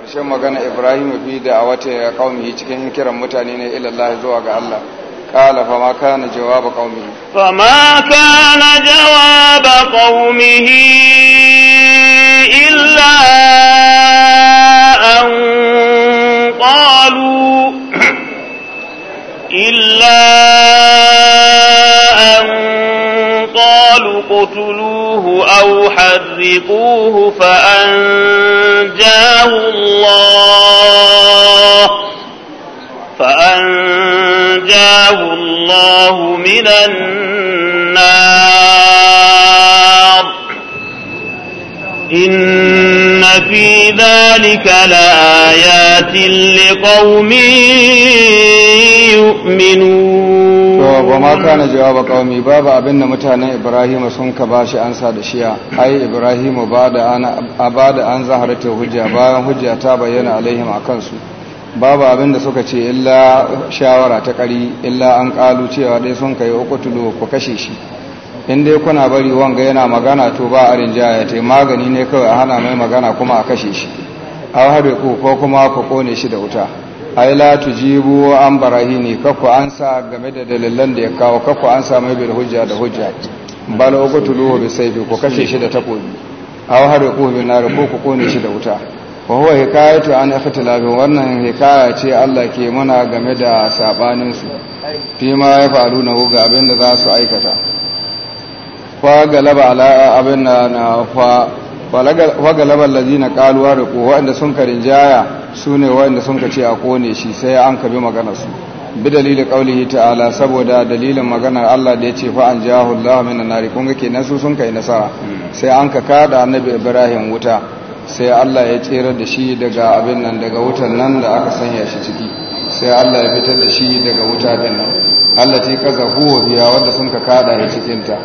Karshen magana ibrahim fi da a wata ya kawo cikin kiran mutane ne ilallah zuwa ga Allah kala fa ma kana jawab qaumihi fa ma kana jawab qaumihi illa an qalu illa an qalu أو حرقوه فأنجاه الله فأنجاه الله من النار إن إن في ذلك لآيات لقوم يؤمنون وما كان جواب قومي بابا أبن متانا إبراهيم سنك باشي أنسى دشيا أي إبراهيم بعد أن بعد أن ظهرت الحجة بعد حجة تبين عليهم أكنسو babu abin da suka ce illa shawara ta ƙari illa an ƙalu cewa dai sun kai uku tudu ku kashe shi in dai kuna bari wanga yana magana to ba a rinjaya ta magani ne kawai a hana mai magana kuma a kashe shi a haɗe ku ko kuma ku kone shi da wuta ai la tujibu an barahini kakku an sa game da dalilan da ya kawo kakku an sa mai bil hujja da hujja bal uqtuluhu bi sayfi ku kashe shi da takobi A haɗe ku bi nar ku ku kone shi da wuta wa huwa hikayatu an ikhtilafin wannan hikaya ce Allah ke muna game da sabanin su fi ma ya faru na ga abin da za su aikata fa galaba ala abin na fa fagalaba lazina kaluwa da ko waɗanda sun karin jaya su ne waɗanda sun ka ce a kone shi sai an ka bi magana su bi dalilin ƙaulihi ta'ala saboda dalilin maganar Allah da ya ce fa'an jahu Allah min nari kun ga kenan su sun kai nasara sai an ka kada annabi Ibrahim wuta sai Allah ya tsere da shi daga abin nan daga wutan nan da aka sanya shi ciki sai Allah ya fitar da shi daga wuta din nan Allah ce kaza huwa biya wanda sun ka kada ya cikin ta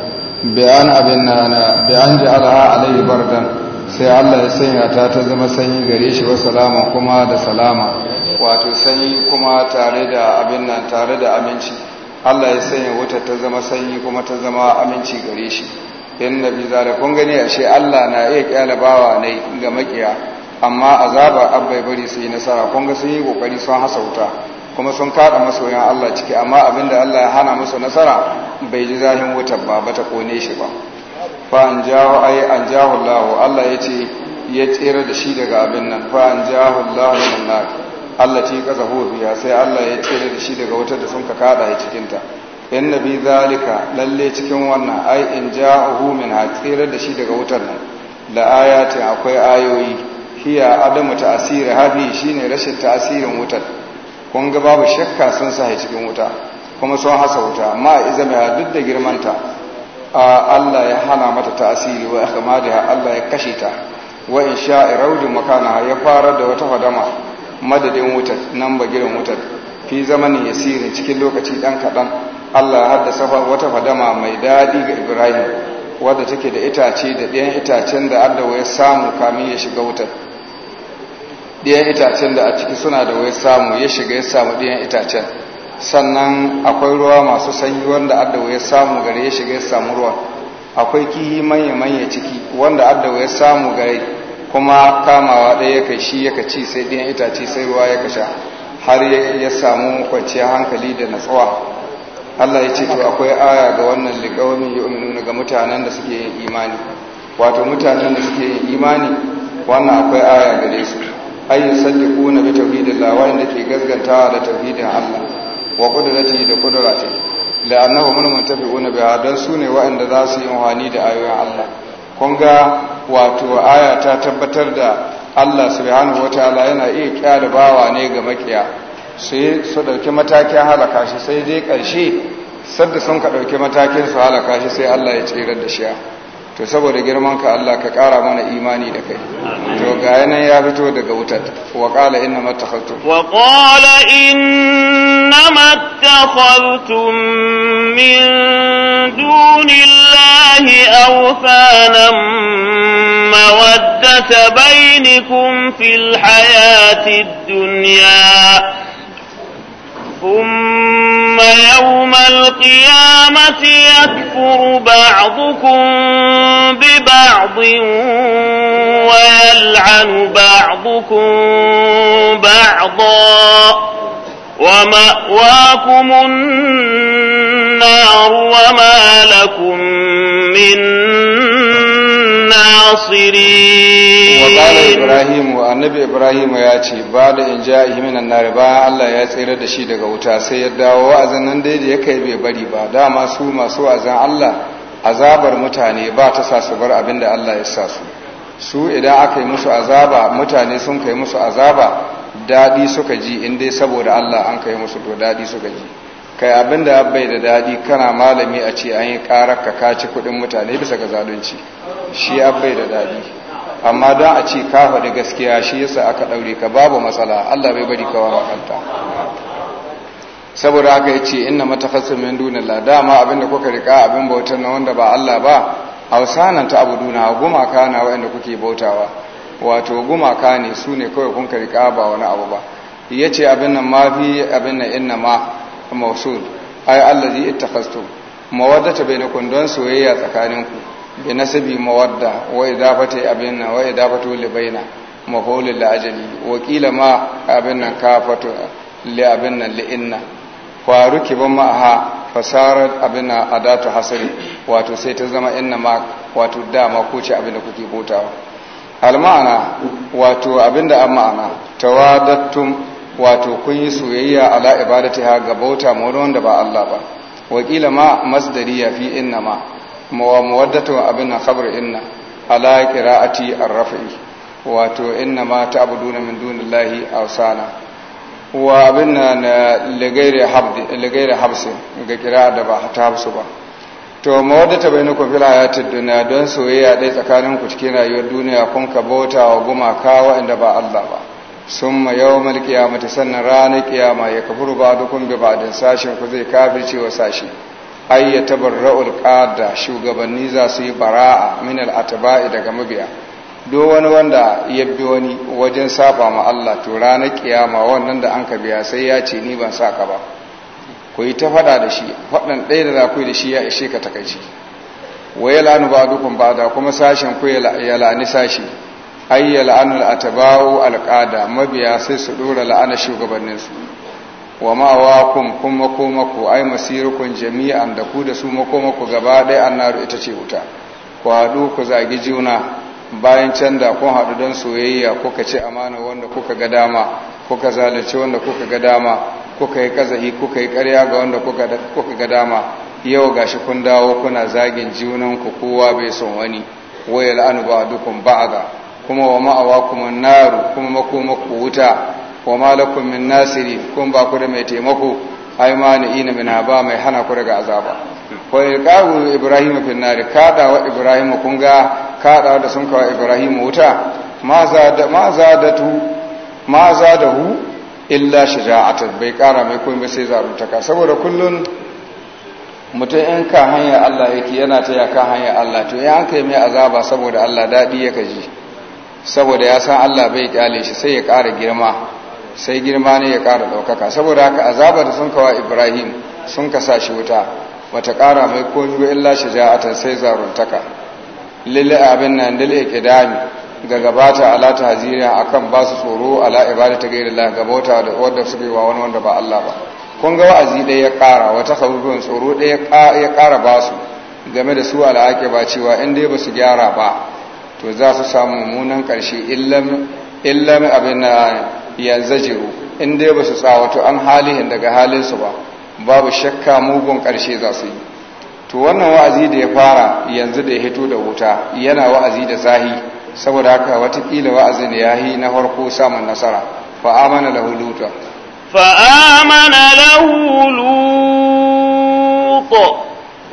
bayan abin na na bayan ala bardan sai Allah ya sanya ta ta zama sanyi gare shi wa salama kuma da salama wato sanyi kuma tare da abin nan tare da aminci Allah ya sanya wuta ta zama sanyi kuma ta zama aminci gare shi yan nabi zara kun gani ashe Allah na iya kyala bawa ne ga makiya amma azaba abbai bari sai nasara kun ga sun yi kokari sun hasauta kuma sun kada masoyan Allah ciki amma abinda Allah ya hana musu nasara bai ji zahin wutar ba bata kone shi ba fa an jawo ai an jahu Allah Allah yace ya tsira da shi daga abin nan fa an jahu Allah min nar Allah ce kaza hufiya sai Allah ya tsira da shi daga wutar da sun ka kada ya cikin ta in nabi zalika lalle cikin wannan ai in hu min ha tsira da shi daga wutar nan la ayatin akwai ayoyi hiya adamu ta asiri hafi shine rashin asirin wutar kun ga babu shakka sun sahi cikin wuta kuma sun hasa wuta ma izama duk da girmanta Allah ya hana mata tasiri wa akamadiha Allah ya kashe ta wa in sha'i raudin makana ya fara da wata fadama madadin wutar nan girin wutar fi zamanin yasirin cikin lokaci dan kaɗan Allah ya haddasa wata fadama mai daɗi ga Ibrahim wadda take da itace da ɗayan itacen da Allah ya samu kamin ya shiga wutar ɗiyan itacen da a ciki suna da wai samu ya shiga ya samu ɗiyan itacen sannan akwai ruwa masu sanyi wanda adda wai samu gare ya shiga ya samu ruwa akwai kihi manya-manya ciki wanda adda wai samu gare kuma kamawa ɗaya ya kai shi ya ci sai ɗiyan itace sai ruwa ya kasha har ya samu kwanciyar hankali da natsuwa Allah ya ce to akwai aya ga wannan liƙawamin yu'minuna ga mutanen da suke yin imani wato mutanen da suke yin imani wannan akwai aya gare su ayyu kuna bi tauhidillah wanda ke gaskantawa da tauhidin Allah wa kudurati da qudratihi la'annahu man muntafi'una biha dan sune wa'anda za su yi wani da ayoyin Allah kun ga wato aya ta tabbatar da Allah subhanahu wataala yana iya kyale bawa ne ga makiya sai su dauki matakin halaka shi sai dai karshe sadda sun ka dauki matakin su halaka shi sai Allah ya tsira da shi to saboda girmanka ka Allah ka ƙara mana imani da kai to ga yanayin ya fito daga wutar wa ƙala inna mattakhaztum wa ƙala inna mattakhaztum min dunillahi awfanan mawaddata bainakum fil hayatid dunya ثم يوم القيامة يكفر بعضكم ببعض ويلعن بعضكم بعضا ومأواكم النار وما لكم من الناصرين وقال إبراهيم والنبي إبراهيم ياتي بعد إن جاء من النار با الله ya tsere da shi daga wuta sai ya dawo wa'azin nan dai da ya kai bai bari ba dama su masu wa'azin Allah azabar mutane ba ta sa su bar abin da Allah ya sasu su idan aka yi musu azaba mutane sun kai musu azaba daɗi suka ji in dai saboda Allah an kai musu to daɗi suka ji kai abin da bai da daɗi kana malami a ce an yi karar ka kaci kudin mutane bisa ga zalunci shi ya bai da daɗi amma don a ce ka faɗi gaskiya shi yasa aka ɗaure ka babu matsala Allah bai bari ka wawa saboda aka yi ce inna matakhasu min ma dama abinda kuka rika abin bautar na wanda ba Allah ba ausanan ta duna gumaka na wanda kuke bautawa wato gumaka ne su ne kawai kun rika ba wani abu ba yace abin nan ma fi abin nan inna ma mausul ay allazi ittakhastum mawaddata bainakum don soyayya tsakaninku bi nasabi mawadda wa idafati abin wa idafatu li baina maf'ul li ajali wa qila ma abin nan kafatu li abin nan li inna fa kiban ma ha abin abinna adatu hasari wato sai ta zama inna ma wato ma ko ce abin da kuke al ma'ana wato abin da an ma'ana tawadattum wato kun yi soyayya ala ha ga bauta mawar wanda ba Allah ba wakila ma masdariya fi inna ma wa muwaddatu abin khabar inna ala qira'ati ar-rafi wato inna ma ta'buduna min dunillahi awsana wa abin na eh, ligairi habdi habsi ga qira'a da ba ta habsu ba to bai bainakum fil hayatid dunya don soyayya dai tsakanin ku cikin rayuwar duniya kun ka bauta wa gumaka inda ba Allah ba summa yawmal qiyamati sannan ranar kiyama ya kafuru ba dukun bi ba'din sashin ku zai kafirce wa sashi ya tabarra qada shugabanni za su yi bara'a min al-atba'i daga mabiya do wani wanda ya bi wani wajen saba ma Allah to ranar kiyama wannan da an ka biya sai ya ce ni ban saka ba ku yi ta fada da shi fadan ɗaya da za ku yi da shi ya ishe ka takaici wa ya ba dukun ba da kuma sashen ku ya lani sashi ai ya la'anul atabawu alqada mabiya sai su dora la'anar shugabanninsu wa ma'awakum kun makomako ai masirukun jami'an da ku da su makomako gaba ɗaya an naru ita ce wuta ku haɗu ku zagi juna bayan can da kun haɗu don soyayya kuka ce amana wanda kuka ga dama kuka zalunci wanda kuka ga dama kuka yi kazahi kuka yi ƙarya ga wanda kuka ga dama yau gashi kun dawo kuna zagin junan ku kowa bai son wani waya la'anu ba dukun ba'aga kuma wa ma'awa kuma naru kuma makomako wuta wa malakum min nasiri kun ba ku da mai taimako ai ma ni ina min ba mai hana ku daga azaba wa ilqahu ibrahim fil nar kada wa ibrahim kun ga kada da sun kawo ibrahim wuta ma da ma tu ma hu illa bai kara mai komai ba sai zarutaka saboda kullun mutum in ka hanyar Allah yake yana taya ka hanyar Allah to ya kai mai azaba saboda Allah daɗi ya kaji saboda ya san Allah bai kyale shi sai ya kara girma sai girma ne ya ƙara ɗaukaka saboda haka azaba da sun kawa ibrahim sun kasa shi wuta bata ƙara mai komi ba illa shaja'atan sai zaruntaka lalle abin nan ke dami ga gabata ala tahzira akan ba su tsoro ala ta ghairillah da wanda wa wani wanda ba Allah ba kun ga wa'azi ɗaya ya ƙara wata tsoro ɗaya ya ƙara ba game da su al'aƙi ba cewa in dai ba su gyara ba to za su samu mummunan ƙarshe illam abin na yanzajiru in dai ba su tsawato an halihin daga halinsu ba babu shakka mugun ƙarshe za su yi to wannan wa'azi da ya fara yanzu da ya hito da wuta yana wa'azi da zahi saboda haka watakila wa'azin ya yi na farko samun nasara fa'amana da fa amana lahu huluta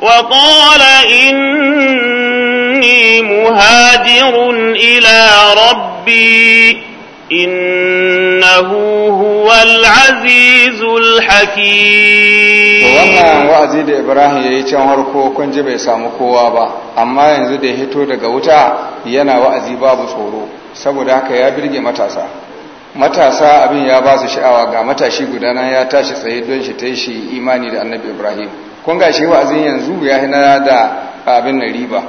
wa ƙola inni muhajirun ila rabbi innahu huwal azizul hakim wannan wa'azi da ibrahim yayi can harko kun ji bai samu kowa ba amma yanzu da ya hito daga wuta yana wa'azi babu tsoro saboda haka ya birge matasa matasa abin ya basu sha'awa ga matashi guda ya tashi tsaye don shi ta shi imani da annabi ibrahim kun ga wa'azin yanzu ya hina da abin na riba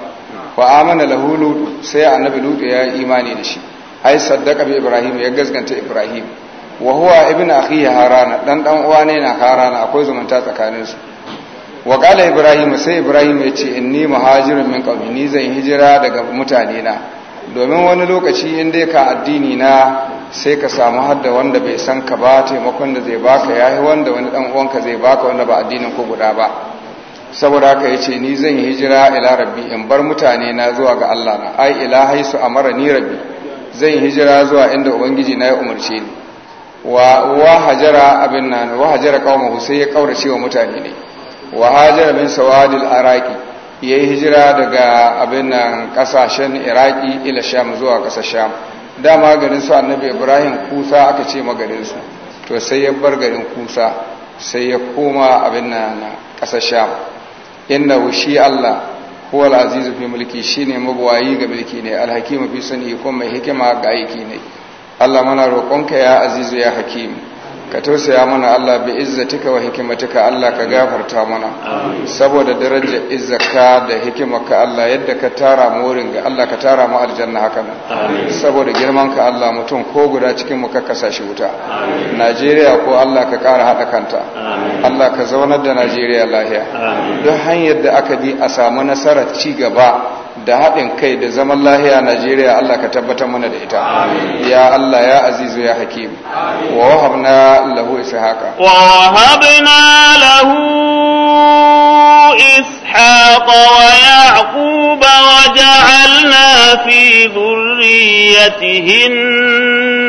wa amana lahu sai annabi lutu ya yi imani da shi ai saddaka bi ibrahim ya gaskanta ibrahim wa huwa ibn akhi harana dan dan uwa ne na harana akwai zumunta tsakanin su wa qala ibrahim sai ibrahim ya ce inni muhajirun min qawmi ni zan hijira daga mutane na domin wani lokaci in dai ka addini na sai ka samu hadda wanda bai san ka ba taimakon da zai baka yayi wanda wani dan uwanka zai baka wanda ba addinin ko guda ba saboda haka ce ni zan hijira ila rabbi in bar mutane na zuwa ga Allah na ai ila haisu amara ni rabbi zan hijira zuwa inda ubangiji na ya umarce ni wa wa hajara abin nan wa hajara kauma sai ya kaurace wa mutane ne wa hajara bin sawadil araqi ya hijira daga abin nan kasashen iraki ila sham zuwa kasar sham dama garin su annabi ibrahim kusa aka ce magarin su to sai ya bar garin kusa sai ya koma abin nan kasar sham inna shi allah huwa al-azizu fi mulki shine mabuwayi ga mulki ne al-hakimu fi sani kuma mai hikima ga aiki ne Allah mana roƙonka ya azizu ya hakimu ka tausaya mana Allah bi izzatika wa hikimatika Allah ka gafarta mana saboda darajar izzaka da hikimarka Allah yadda ka tara mu wurin ga Allah ka tara mu aljanna haka nan saboda girman ka Allah mutum ko guda cikin mu ka shi wuta Najeriya ko Allah ka kara hada kanta Allah ka zaunar da Najeriya lahiya duk hanyar da aka bi a samu nasarar ci gaba da haɗin kai da zaman lahiya Najeriya Allah ka tabbatar mana da ita ya Allah ya azizu ya hakim wa wahabna lahu ishaqa wa wahabna lahu ishaqa wa yaquba wa ja'alna fi dhurriyyatihi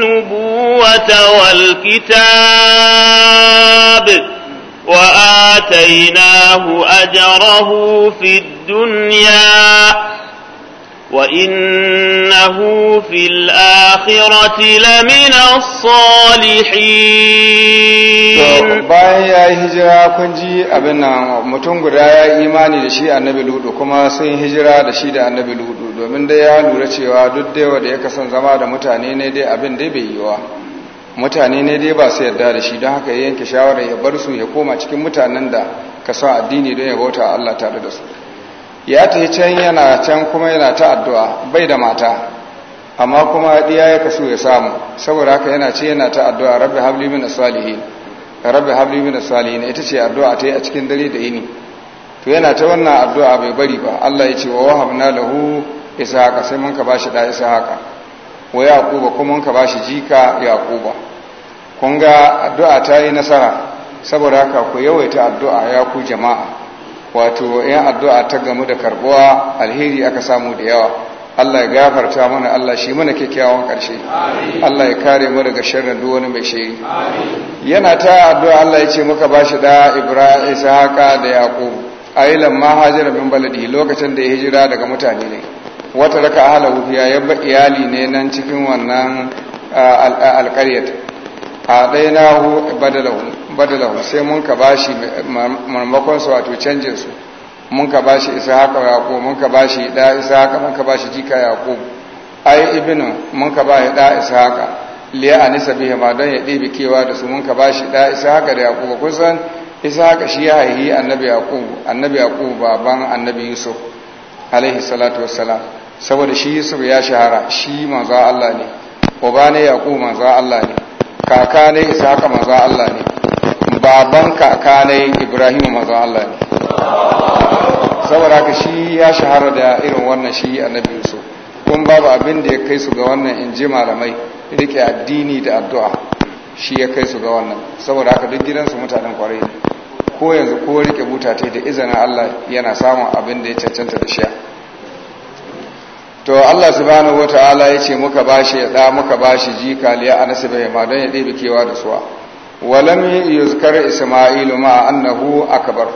nubuwata wal kitab وآتيناه أجره في الدنيا وإنه في الآخرة لمن الصالحين bayan ya yi hijira kun ji abin nan mutum guda ya yi imani da shi annabi ludu kuma sun hijira da shi da annabi ludu domin dai lura cewa duk daiwa da ya kasan zama da mutane ne dai abin dai bai yiwa mutane ne dai ba su yarda da shi don haka ya yanke shawarar ya bar su ya koma cikin mutanen da ka sa addini don ya bauta Allah tare da su ya tafi can yana can kuma yana ta addu'a bai da mata amma kuma diya ya kaso ya samu saboda haka yana ce yana ta addu'a rabbi habli min salihin rabbi habli min salihin ita ce addu'a ta yi a cikin dare da yini to yana ta wannan addu'a bai bari ba Allah ya ce wa wahabna lahu haka sai mun ka bashi da isa haka wa yaquba kuma mun ka bashi jika yaquba Kunga addu'a ta yi nasara saboda haka ku yawaita addu'a ya ku jama'a wato yan addu'a ta gamu da karbuwa alheri aka samu da yawa Allah ya gafarta mana Allah shi mana kyakkyawan ƙarshe Allah ya kare mu daga sharrin duk wani mai shiri yana ta addu'a Allah ya ce muka bashi da Ibrahim Ishaqa da Yaqub ailan ma hajira min baladi lokacin da ya hijira daga mutane ne wata raka ahlahu ya yabba iyali ne nan cikin wannan alƙaryata a ɗaya na badalahu sai mun ka ba shi marmakonsu wato canjinsu mun ka ba shi isa haka yaƙo mun ka ba shi ɗa isa haka mun ka ba shi jika yaƙo ai ibinin mun ka ba shi ɗa isa haka liya a nisa bihi ma don ya ɗebe kewa da su mun ka ba shi ɗa isa haka da yaƙo kun san isa haka shi ya haihi annabi yaƙo annabi yaƙo baban annabi yusuf alaihi salatu wassalam saboda shi yusuf ya shahara shi manzo Allah ne uba ne yaƙo manzo Allah ne kaka ne isaka maza Allah ne baban kaka ne ibrahim maza Allah ne saboda ka shi ya shahara da irin wannan shi annabi yusuf kun babu abin da ya kai su ga wannan in ji malamai rike addini da addu'a shi ya kai su ga wannan saboda haka duk gidansu mutanen kwarai ne ko yanzu ko rike buta ta da izinin Allah yana samun abin da ya cancanta da shiya to Allah subhanahu wataala yace muka bashi da muka bashi jika liya bai ma don ya dibe kewa da suwa walam yuzkar isma'ilu ma annahu akbar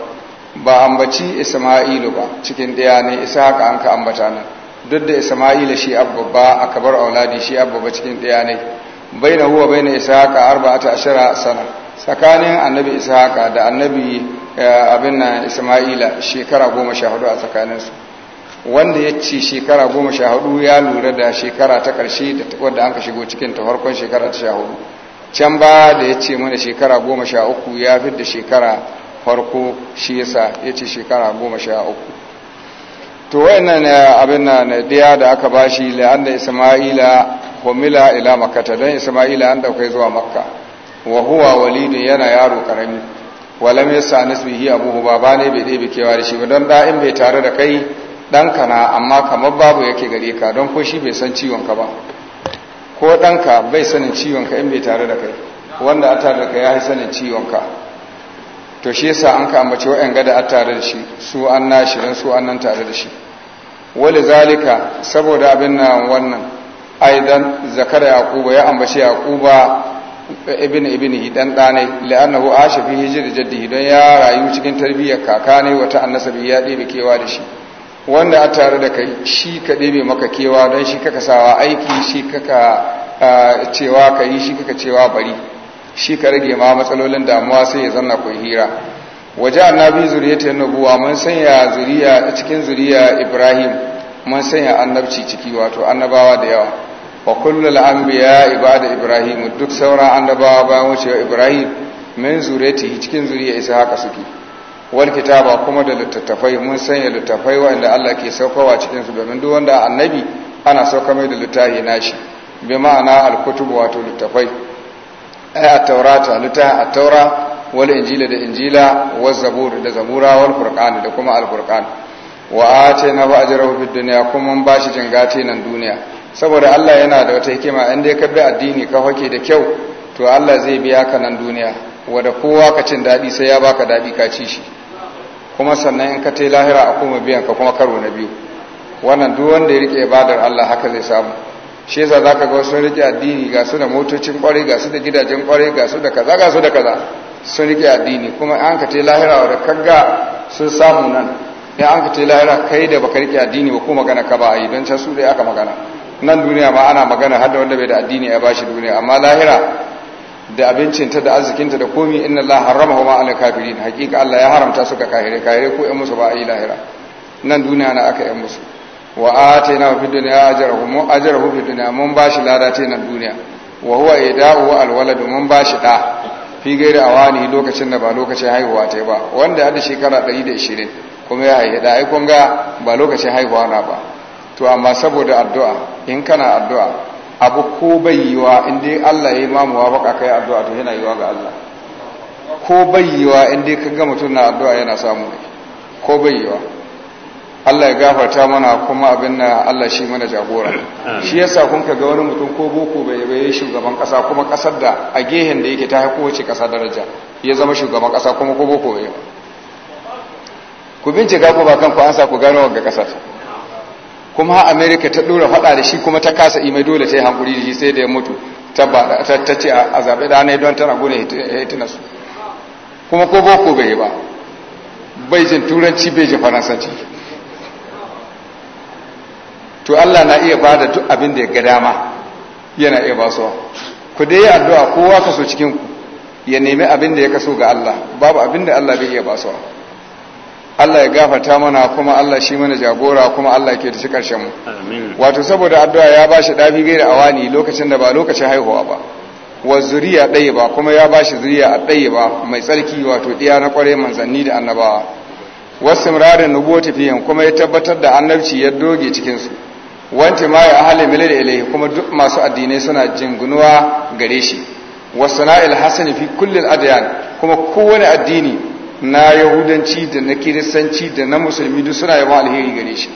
ba ambaci isma'ilu ba cikin daya ne ishaqa an ka ambata nan duk da isma'il shi abba akbar auladi shi abba cikin daya ne baina huwa baina ishaqa arba'ata ashara sana tsakanin annabi ishaqa da annabi eh, abin nan isma'ila shekara 14 a tsakaninsu wanda ya ci shekara goma sha hudu ya lura da shekara ta ƙarshe wadda an ka shigo cikin ta farkon shekara ta sha hudu can ba da ya ce mana shekara goma sha uku ya fi da shekara farko shi yasa ya ce shekara goma sha uku to eh, nan abin eh, na diya da aka bashi la'anda isma'ila homila ila makata dan isma'ila an dauka zuwa makka wa huwa walidun yana yaro karami walam yasa nasbihi abuhu babane ne bai dai bikewa da shi ba don da in bai tare da kai ɗanka na amma kamar babu yake gare ka don ko shi bai san ciwonka ba ko ɗanka bai sanin ciwonka in bai tare da kai wanda a tare da kai ya sanin ciwonka to shi yasa an ka ambaci wa'yan gada a tare da shi su an nashi don su an nan tare da shi wali zalika saboda abin na wannan aidan zakara yaquba ya ambaci yaquba ibn ibn dan ɗane la'annahu asha fi hijri jaddihi don ya rayu cikin tarbiyyar kaka ne wata annasabi ya ɗebe kewa da shi wanda a tare da kai shi ka ɗebe maka kewa don shi kaka sawa aiki shi kaka cewa ka yi shi kaka cewa bari shi ka rage ma matsalolin damuwa sai ya zanna ku hira waje annabi ta nubuwa mun sanya zuriya cikin zuriya ibrahim mun sanya annabci ciki wato annabawa da yawa wa kullul anbiya ibada ibrahim duk sauran annabawa bayan wucewa ibrahim min zuriyati cikin zuriya isa haka suke wal kitaba kuma da littattafai mun sanya littattafai wanda Allah ke saukowa cikin su domin duk wanda annabi ana sauka mai da littafi nashi bi ma'ana al-kutub wato littattafai ay at-taurata littafi at-taura wal injila da injila wa zabur da zabura wal qur'an da kuma al-qur'an wa atina ba ajrahu fid dunya kuma mun bashi jingati nan duniya saboda Allah yana da wata hikima in dai ka bi addini ka hake da kyau to Allah zai biya ka nan duniya wada kowa ka cin daɗi sai ya baka daɗi ka ci shi kuma sannan in ka tai lahira a kuma biyan ka kuma karo na biyu wannan duk wanda ya rike ibadar Allah haka zai samu shi yasa zaka ga sun rike addini ga su da motocin kwarai ga su da gidajen kwarai ga su da kaza ga su da kaza sun rike addini kuma an ka tai lahira da kaga sun samu nan ya an ka tai lahira kai da baka rike addini ba ko magana ka ba a yi don can su dai aka magana nan duniya ma ana magana har da wanda bai da addini ya bashi duniya amma lahira da abincinta da arzikinta da komi inna Allah haramahu ma ala kafirin hakika Allah ya haramta su ga kahire kahire ko ƴan musu ba a yi lahira nan duniya na aka ƴan musu wa atayna fi dunya ajrahu mu ajrahu fi dunya mun bashi lada ce nan duniya wa huwa ida'u alwalad mun bashi da fi gairi awani lokacin da ba lokacin haihuwa ta ba wanda ya da shekara 120 kuma ya haihu da ai kun ga ba lokacin haihuwa na ba to amma saboda addu'a in kana addu'a abu ko bai yi in dai Allah ya yi mamuwa baka kai addu'a to yana wa ga Allah ko bai yiwa in dai ga mutum na addu'a yana samu ne ko bai wa. Allah ya gafarta mana kuma abin na Allah shi mana jagora shi yasa kun ka ga wani mutum ko boko bai bai shugaban kasa kuma kasar da a gehen da yake ta haƙo wace kasa daraja ya zama shugaban kasa kuma ko boko bai ku bincika ko ba kanku an sa ku gano ga kasar kuma ha america ta dora fada da shi kuma ta kasa imai dole ta yi hankuri da shi sai da ya mutu ta ce a zaɓe da ana don tana gune su kuma ko boko bai ba bai jin turanci bai jin faransanci to allah na iya ba da duk abin da ya ga dama yana iya basuwa ku dai yi addu'a kowa ka kaso cikinku ya nemi abin da ya kaso ga allah babu abin da allah bai iya basuwa Allah ya gafata mana kuma Allah shi mana jagora kuma Allah ke da shi karshen mu wato saboda addu'a ya ba shi ɗafi dafi da awani lokacin da ba lokacin haihuwa ba wa zuriya ɗaya ba kuma ya ba shi zuriya a ɗaya ba mai tsarki wato ɗiya na ƙware manzanni da annabawa wasu murarin nubuwa tafiyan kuma ya tabbatar da annabci ya doge cikinsu wanti ma ya ahali milar ilai kuma duk masu addinai suna jingunuwa gare shi wasu na'il hasani fi kullin adiyan kuma kowane addini na yahudanci da na kiristanci da na musulmi duk suna yawan alheri gare shi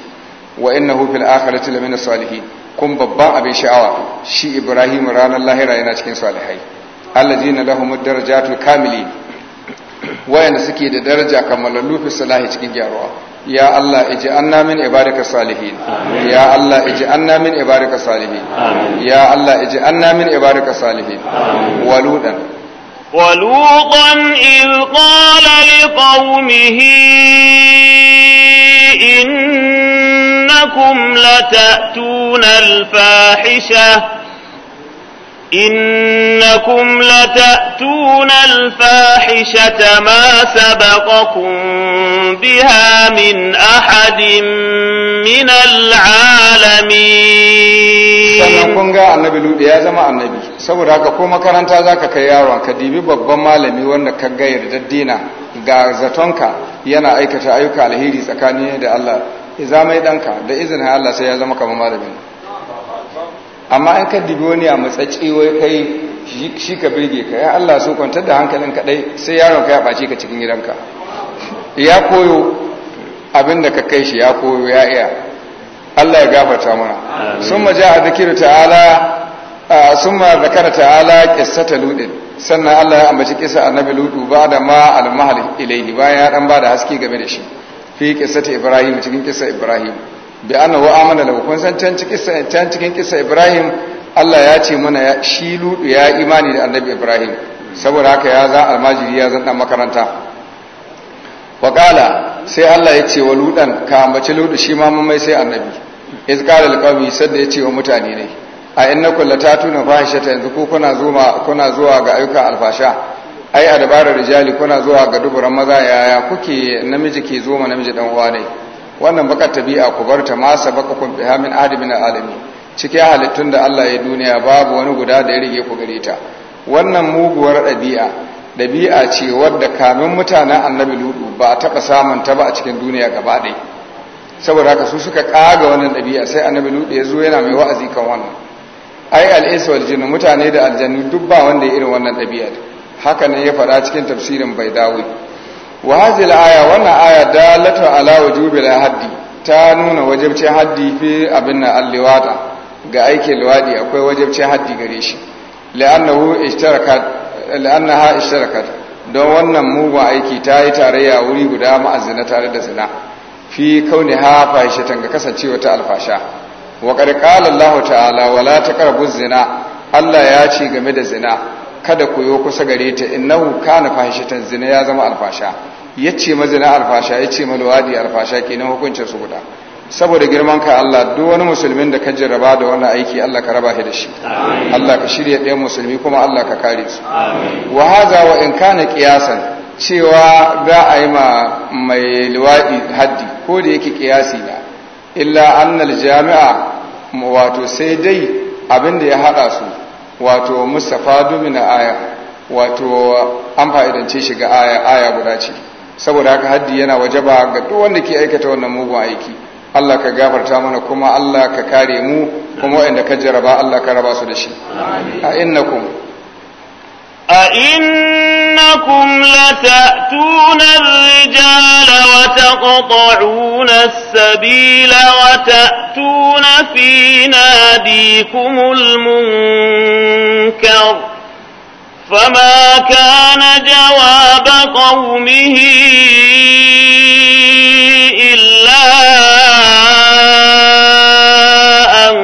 wa innahu fil akhirati lamina salihin kun babban abin sha'awa shi ibrahim ranar lahira yana cikin salihai alladina lahum darajatu kamili wayanda suke da daraja kamalallu fi salahi cikin gyaruwa ya Allah iji anna min ibadika salihin ya Allah iji anna min ibadika salihin ya Allah iji anna min ibadika salihin waludan ولوطا إذ قال لقومه إنكم لتأتون الفاحشة إنكم لتأتون الفاحشة ما سبقكم بها من أحد من العالمين sannan kun ga annabi lude ya zama annabi saboda haka ko makaranta za ka kai yaron ka dibi babban malami wanda ka ga yardaddina ga zatonka yana aikata ayyuka alheri tsakanin da Allah ya zama ɗanka da izinin Allah sai ya zama kamar malamin amma in ka dibi wani a matsatsi wai kai shi ka birge ka ya Allah so kwantar da hankalin kaɗai sai yaron ka ya ɓace ka cikin gidanka ya koyo abin da ka kai shi ya koyo ya iya Allah ya gafarta mana sun ja a zikiru ta'ala sun ma zakara ta'ala kissata ludin sannan Allah ya ambaci kisa annabi ludu ba da ma almahal ilaihi bayan ya dan ba da haske game da shi fi kissata ibrahim cikin kisa ibrahim bi wa amana lahu kun san can cikin can cikin kisa Ibrahim Allah ya ce mana shi ludu ya imani da annabi Ibrahim saboda haka ya za almajiri ya zan makaranta wa sai Allah ya ce wa ludan ka ambaci ludu shi ma mun mai sai annabi iz qala alqawmi sadda ya ce wa mutane ne a innakum latatuna fahishata yanzu ko kuna zuwa kuna zuwa ga ayyuka alfasha ai a dabarar rijali kuna zuwa ga duburan maza yaya kuke namiji ke zo ma namiji dan uwa ne wannan baka tabi'a ku bar ta masa baka kun fi hamin adamin alami cike halittun da Allah ya duniya babu wani guda da ya rige ku gare ta wannan muguwar ɗabi'a dabi'a ce wadda kamin mutanen annabi ludu ba a taɓa samun ta ba a cikin duniya gaba ɗaya saboda haka su suka kaga wannan dabi'a sai annabi ludu ya zo yana mai wa'azi kan wannan ai al'isa wal jinnu mutane da aljannu duk ba wanda ya irin wannan dabi'a haka ne ya faɗa cikin tafsirin bai dawo wa hazil aya wannan aya dalatu ala wujubil haddi ta nuna wajibci haddi fi abin na alliwata ga aikin liwadi akwai wajibci haddi gare shi la'annahu ishtarakat la'annaha ishtarakat don wannan mugun aiki ta yi tarayya wuri guda ma'azina tare da zina fi kauni ha fahishatan ga kasancewa ta alfasha wa qarqala Allahu Allah ta'ala wala taqrabu zina Allah ya ce game da zina kada ku yi kusa gare ta innahu kana fahishatan zina ya zama alfasha ya ce mazina alfasha ya ce maluwadi alfasha kenan hukuncin su guda saboda girman ka Allah duk wani musulmin da ka jarraba da wannan aiki Allah ka raba shi da shi Allah ka shirya ɗayan musulmi kuma Allah ka kare su wa haza wa in kana qiyasan cewa za a yi ma mai luwadi haddi ko da yake qiyasi na illa annal jami'a wato sai dai abin da ya hada su wato mustafa dumina aya wato an fa'idance shi ga aya aya guda ce saboda haka haddi yana wajaba ga duk wanda ke aikata wannan mugun aiki Allah ka gafarta mana kuma Allah ka kare mu kuma waɗanda ka jaraba Allah ka raba su da shi a innakum a innakum la ta'tuna ar-rijala wa taqta'una as-sabila wa ta'tuna fi nadikum al munkar فما كان جواب قومه إلا أن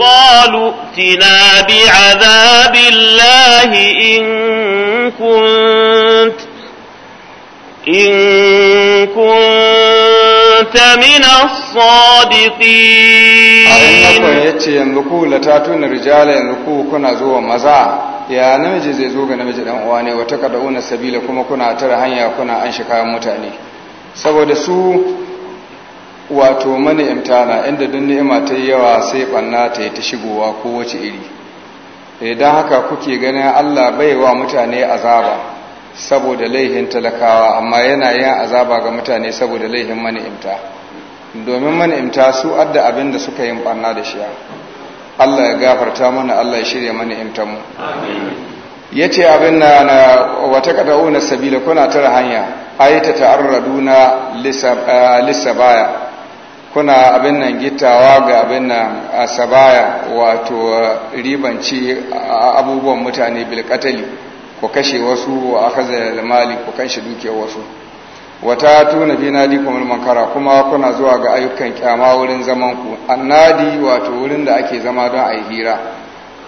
قالوا ائتنا بعذاب الله إن كنت إن كنت من الصادقين. أين يقول يتي يملكوا لتاتون رجالا يملكوا كنا زوا مزاح ya namiji zai zo ga namiji dan uwa ne wata kada una sabila kuma kuna tara hanya kuna an shika kayan mutane saboda su wato mana imtana inda duk ni'ima ta yawa sai banna ta yi ta shigowa ko wace iri idan eh, haka kuke ganin Allah bai wa mutane azaba saboda laihin talakawa amma yana yin azaba ga mutane saboda laihin mana imta domin mana imta su adda abin da suka yin banna da shi Allah ya gafarta mana Allah ya shirya mana imtan mu ya ce abin na na wata Una sabila kuna tara hanya yi ta ta'arraduna lisabaya kuna abin nan gittawa ga abin nan sabaya wato ribanci abubuwan mutane bilkatali ku kashe wasu wa da mali ku kashe dukiyar wasu wata tuna bi nadi kuma mankara kuma kuna zuwa ga ayyukan kyama wurin zaman ku annadi wato wurin da ake zama don a yi hira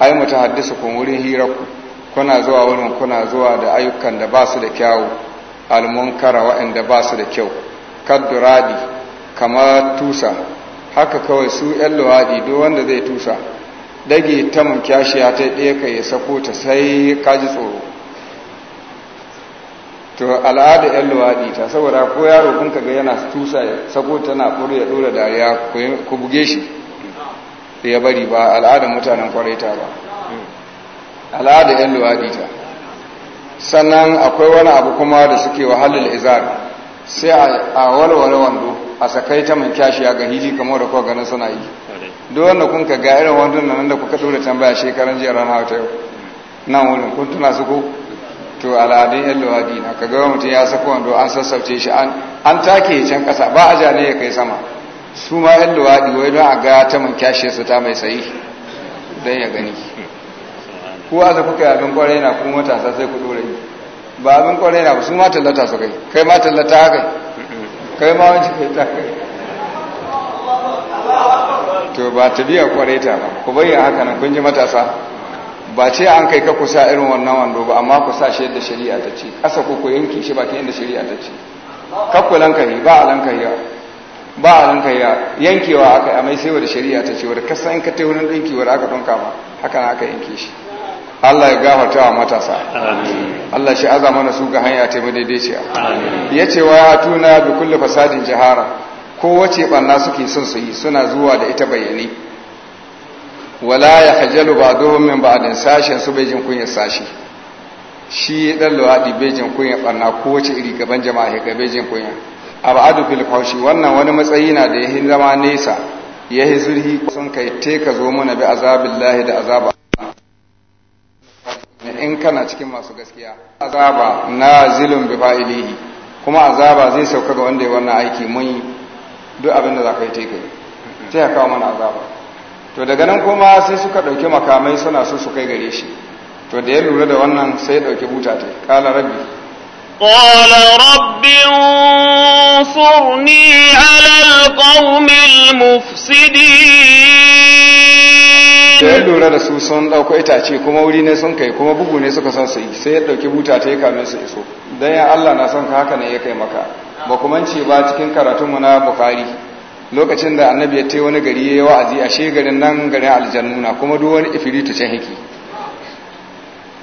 ai haddisa kun wurin hira ku kuna zuwa wurin kuna zuwa da ayyukan da ba su da kyawu almunkara waɗanda ba su da kyau kadduradi kama tusa haka kawai su yan luwadi duk wanda zai tusa dage ta mun kyashi ya ta ɗaya ka ya sako ta sai ka ji tsoro to al'ada yan luwaɗi ta saboda ko yaro kun kaga yana tusa sako tana ƙuru ya ɗora dariya ku buge shi ya bari ba al'ada mutanen ta ba al'ada yan luwaɗi ta sannan akwai wani abu kuma da suke wahalar izar sai a walwale wando a sakai ta mai kyashi a gahiji kamar da kuwa ganin suna yi duk wanda kun kaga irin wandon nan da kuka ɗora tambaya shekaran jiya ranar ta yau nan wurin kun tuna su ko to al'adun yan luwaɗi na ka ga mutum ya saka wando an sassauce shi an take can ƙasa ba a jane ne ya kai sama su ma yan luwaɗi wai don a ga ta mun kyashe su ta mai sayi don ya gani ku za kuka abin kwarai na kuma matasa sai ku dore ba abin kwarai na su ma tallata su kai kai ma tallata kai kai ma wani kai ta kai to ba ta biya kwarai ta ba ku bayyana haka nan kun ji matasa ba ce an kai ka kusa irin wannan wando ba amma ku sa shi yadda shari'a ta ce ƙasa ku ku yanki shi baki yadda shari'a ta ce kakkulan kai ba alan kai ba alan kai yankewa aka yi amai sai wadda shari'a ta ce wadda kasa in ka wurin ɗinki wadda aka ɗunka ba haka na aka yanke shi Allah ya gafarta wa matasa Allah shi aza mana su ga hanya ta madaidaiciya ya ce wa ya tuna bi kulli fasadin jihara ko wace suke son su yi suna zuwa da ita bayyane wala ya hajjalu ba duhun min ba adin sashen su bai jin kunyar sashi shi ɗan luwaɗi bai jin kunyar ɓarna kowace iri gaban jama'a ya bai jin kunya ba adu faushi wannan wani matsayi na da ya hin zama nesa ya yi zurhi sun kai te ka zo mana bi lahi da azaba in kana cikin masu gaskiya azaba na zilin bi fa'ilihi kuma azaba zai sauka ga wanda ya wannan aiki mun duk abin da za ka yi te yi kawo mana azaba to daga nan kuma sai suka ɗauki makamai suna so su kai gare shi to da ya lura da wannan sai ya ɗauki buta ta kala rabbi rabbi unsurni ala alqawmi mufsidin. da ya lura da su sun ɗauko itace kuma wuri ne sun kai kuma bugu ne suka son su yi sai ya ɗauki buta ta ya kame su iso dan ya Allah na son ka haka ne ya kai maka ba kuma ce ba cikin karatunmu na bukari lokacin da annabi ya ta wani gari ya yi wa'azi a garin nan garin aljannuna kuma duk wani ifiritu can hiki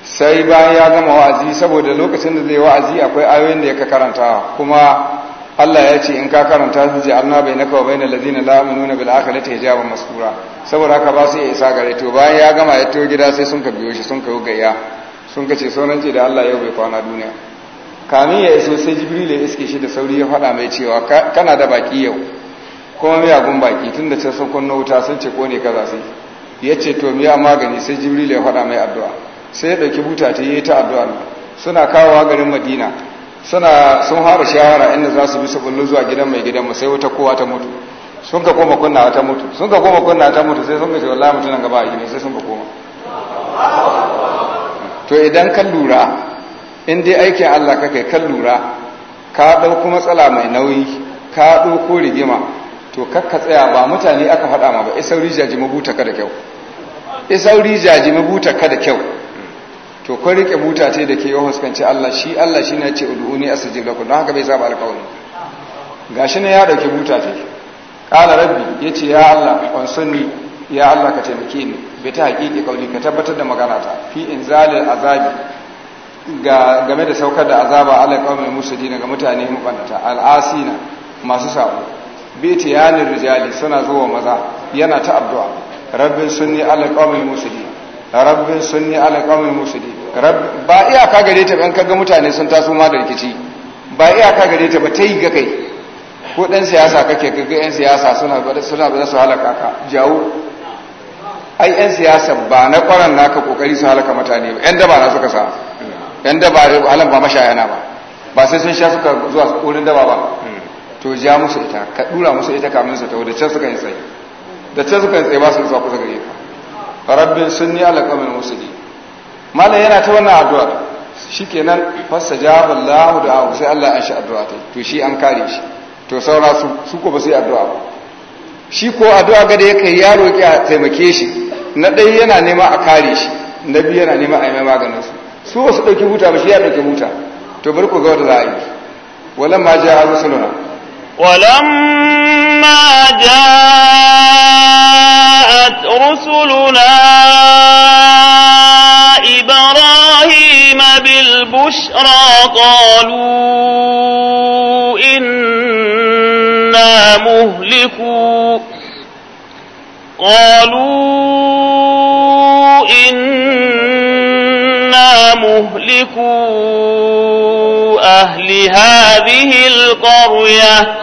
sai bayan ya gama wa'azi saboda lokacin da zai wa'azi akwai ayoyin da ya ka karanta kuma Allah ya ce in ka karanta su ja'alna bainaka wa bainal ladina la yu'minuna bil akhirati hijaban masura saboda haka ba su iya isa gare to bayan ya gama ya to gida sai sun ka biyo shi sun ka gaya sun ka ce sauran ce da Allah yau bai kwana duniya kamin ya iso sai jibril ya iske shi da sauri ya fada mai cewa kana da baki yau kuma miyagun baki tun da can saukon na wuta sun ce ko ne kaza sai ya ce to miya magani sai jibril ya faɗa mai addu'a sai ya ɗauki buta ta yi ta addu'a suna kawowa garin madina suna sun haɗa shawara inda za su bi su kullu zuwa gidan mai gidan sai wata kowa ta mutu sun ka koma kunna ta mutu sun ka koma kunna ta mutu sai sun ka ce wallahi mutunan gaba a gidan sai sun ka koma to idan kan lura in dai aikin Allah kake kan lura ka ɗauko matsala mai nauyi ka ɗauko rigima to kakka tsaya ba mutane aka faɗa ma ba isauri jaji mabuta ka da kyau isauri jaji mabuta ka da kyau to kun rike buta ce da ke yawan huskanci Allah shi Allah shi na ce ud'uni astajib lakum don haka bai saba alƙawari gashi ne ya dauke buta ce kala rabbi yace ya Allah sunni ya Allah ka taimake ni bi ta haƙiƙi kauli ka tabbatar da magana ta fi inzalil azabi ga game da saukar da azaba ala qaumil ga mutane mu banta al'asina masu sabo beti yanin rijali suna zuwa maza yana ta addu'a rabbin sunni ala qawmi musidi rabbin sunni ala qawmil musli ba iyaka gare ta ban kaga mutane sun taso ma da rikici ba iyaka gare ta ba ta yi ga kai ko dan siyasa kake kaga yan siyasa suna ba suna ba su halaka ka jawo ai yan siyasa ba na kwaran naka kokari su halaka mutane ba yan daba na suka sa yan daba halan ba mashayana ba ba sai sun sha suka zuwa wurin daba ba to ja musu ita ka dura musu ita kamin su ta da can suka yi tsaye da can suka yi tsaye ba su zuwa kusa gare ka rabbin sunni alqamil musli mallan yana ta wannan addu'a shikenan fasajaba Allahu da sai Allah ya shi addu'a ta to shi an kare shi to saura su su ko ba su yi addu'a ba shi ko addu'a ga da yake ya roki a taimake shi na ɗaya yana nema a kare shi na biyu yana nema a yi mai maganin su su wasu dauki huta ba shi ya dauki huta to bari ku ga wata za a yi walamma ja rusuluna ولما جاءت رسلنا إبراهيم بالبشرى قالوا إنا مهلكوا قالوا إنا مهلكوا أهل هذه القرية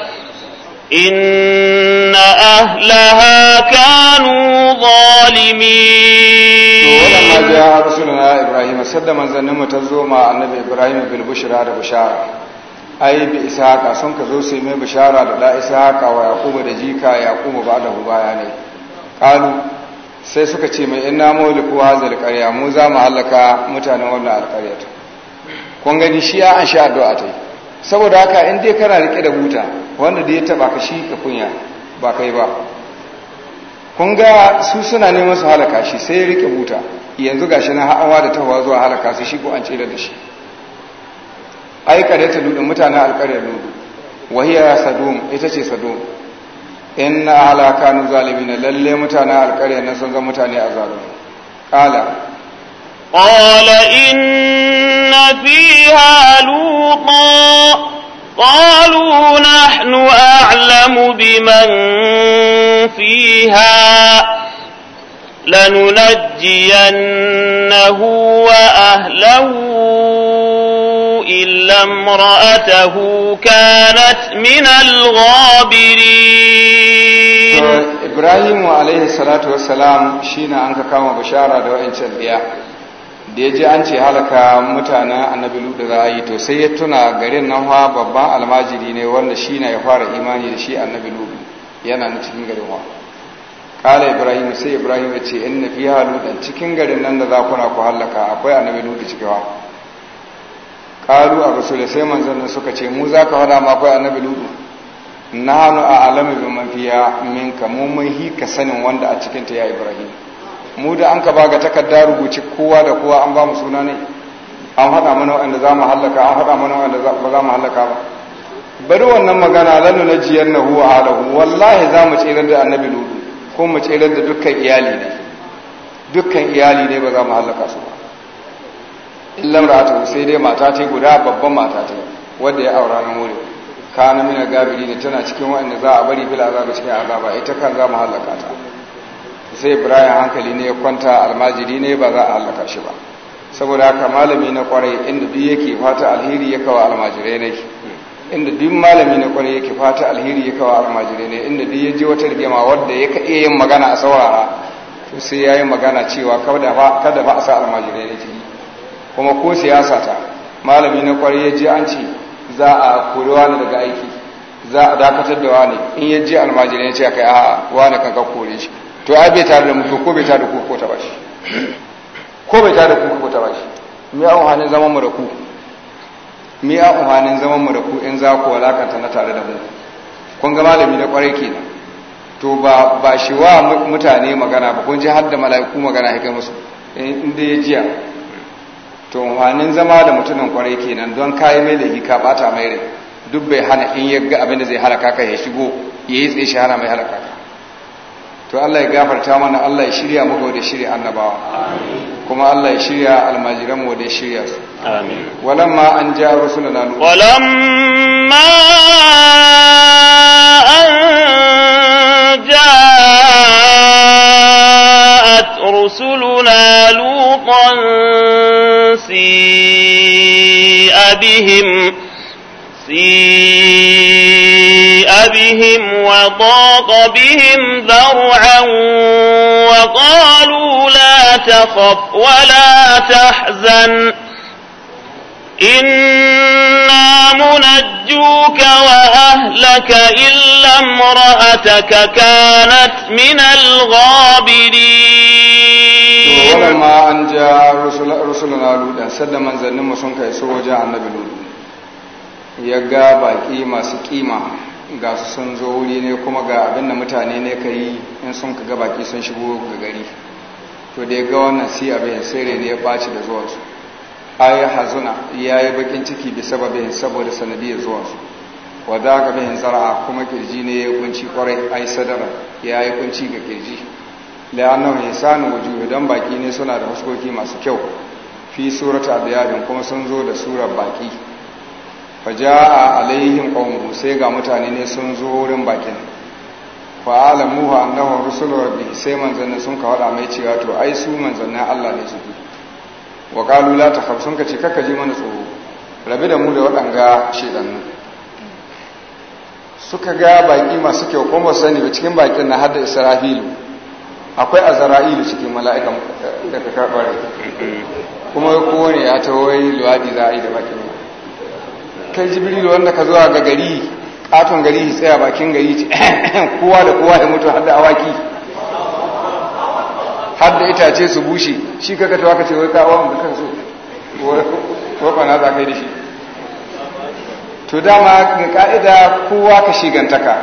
إن أهلها كانوا ظالمين يا رسول الله إبراهيم سد من زنم تزوم النبي إبراهيم بالبشرى بشارة أي بإسحاق سنك زوسي من بشارة لا إسحاق ويقوم دجيكا يقوم بعده بياني قالوا sai suka ce mai ina mawuliku hazar karya mu za mu hallaka mutanen wannan alkaryar kun gani shi ya an sha addu'a ta yi saboda haka in dai kana rike da buta wanda da ya taba ka shi ka kunya ba kai ba kun ga su suna neman su halaka shi sai ya rike buta yanzu ga shi na ha'awa da tawa zuwa halaka su shi ko an cire da shi ai kare ta ludin mutanen alƙaryar ludu wahiya sadum ita ce sadum na halaka nu na, lalle mutanen alƙaryar nan sun ga mutane a zalimi ƙala. قال إن فيها لوطا قالوا نحن أعلم بمن فيها لننجينه وأهله إلا امرأته كانت من الغابرين إبراهيم عليه الصلاة والسلام شينا أنك كما بشارة وإنسان بياه da ya ji an ce halaka mutanen annabi ludu za a yi to sai ya tuna garin nan wa babban almajiri ne wanda shi na ya fara imani da shi annabi lu yana na cikin garin wa kala ibrahim sai ibrahim ya ce in na fi haludan cikin garin nan da za kuna ku halaka akwai annabi da cikin wa kalu a rasulai sai manzon nan suka ce mu za ka fada ma akwai annabi ludu. na hannu a alamu bin mafiya ka mu mun hika sanin wanda a cikinta ya ibrahim mu da an ka ba ga takarda rubuci kowa da kowa an ba mu suna ne an haɗa mana wanda za mu hallaka an haɗa mana wanda ba za mu hallaka ba bari wannan magana lannu na jiyar na huwa alahu wallahi za mu tsirar da annabi lutu ko mu tsirar da dukkan iyali ne dukkan iyali ne ba za mu hallaka su ba illan ra'atu sai dai mata ce guda babban mata ce wanda ya aura na more kana mina gabiri ne tana cikin wanda za a bari fil azaba cikin azaba ita kan za mu hallaka ta sai ibrahim hankali ne ya kwanta almajiri ne ba za a hallaka shi ba saboda haka malami na kwarai inda duk yake fata alheri ya kawo almajirai ne inda duk malami na kwarai yake fata alheri ya kawo almajirai ne inda duk ya je wata rigima wadda ya kaɗe iya yin magana a saurara to sai ya yi magana cewa kada ba a sa almajirai ne ciki kuma ko siyasa ta malami na kwarai ya je an ce za a kori wani daga aiki za a dakatar da wani in ya je almajirai ne ce kai a wani kankan kore shi to ya bai tare da mutu ko bai tare da ku ko ta bashi ko bai tare da kuka ko ta bashi me ya umarnin zaman mu da ku me ya umarnin zaman maraku in za ku walakanta na tare da mu kun ga malami da kwarai kenan to ba ba shi wa mutane magana ba kun ji har da mala'iku magana haka musu eh, in da ya jiya to umarnin zama da mutumin kwarai kenan don kayi mai laifi ka bata mai rai duk bai hana in ya ga abin da zai halaka ka ya shigo ya yi tsaye shi hana mai halaka ka to Allah ya gafarta mana Allah ya shirya muku da shirya annabawa kuma Allah ya shirya almajiran mu da shirya su amin walamma an ja rusulana walamma an ja'at rusuluna luqan si abihim si بهم وضاق بهم ذرعا وقالوا لا تخف ولا تحزن إنا منجوك وأهلك إلا امرأتك كانت من الغابرين ولما أن جاء رسلنا لودا سلم أنزلنا مسنك يسوى جاء النبي لودا يقى باقي ما سكيما ga su sun zo wuri ne kuma ga abin da mutane ne ka yi in sun ka baki sun shigo ga gari to da ga wannan si abin sere ne ya ɓaci da zuwansu ayi hazuna ya yi bakin ciki bi sababin saboda sanadiyar zuwansu wadda ka bihin zara'a kuma kirji ne ya kunci kwarai ai sadara ya yi kunci ga kirji da ya sani wuju don baki ne suna da fuskoki masu kyau fi surata abiyadin kuma sun zo da surar baki a alaihin qawmu sai ga mutane ne sun zo wurin bakin fa alamuhu annahu rusulu rabbi sai manzanni sun ka mai cewa to ai su manzannin Allah ne suke wa qalu la sun ka ce ji mana tsoro rabi da mu da waɗanga shedannu suka ga baki masu kyau kuma sani ba cikin bakin na hada isra'ilu akwai a zara'ilu cikin mala'ikan eh, da ka karɓar kuma kowane ya ta wai luwaɗi za a yi da bakin kai jibril wanda ka zuwa ga gari katon gari tsaya bakin gari ce kowa da kowa ya mutu har da awaki har da itace su bushe shi kaka ta waka ce wai ka awon ka so wakwana na zakai da shi to dama ga ka'ida kowa ka shigantaka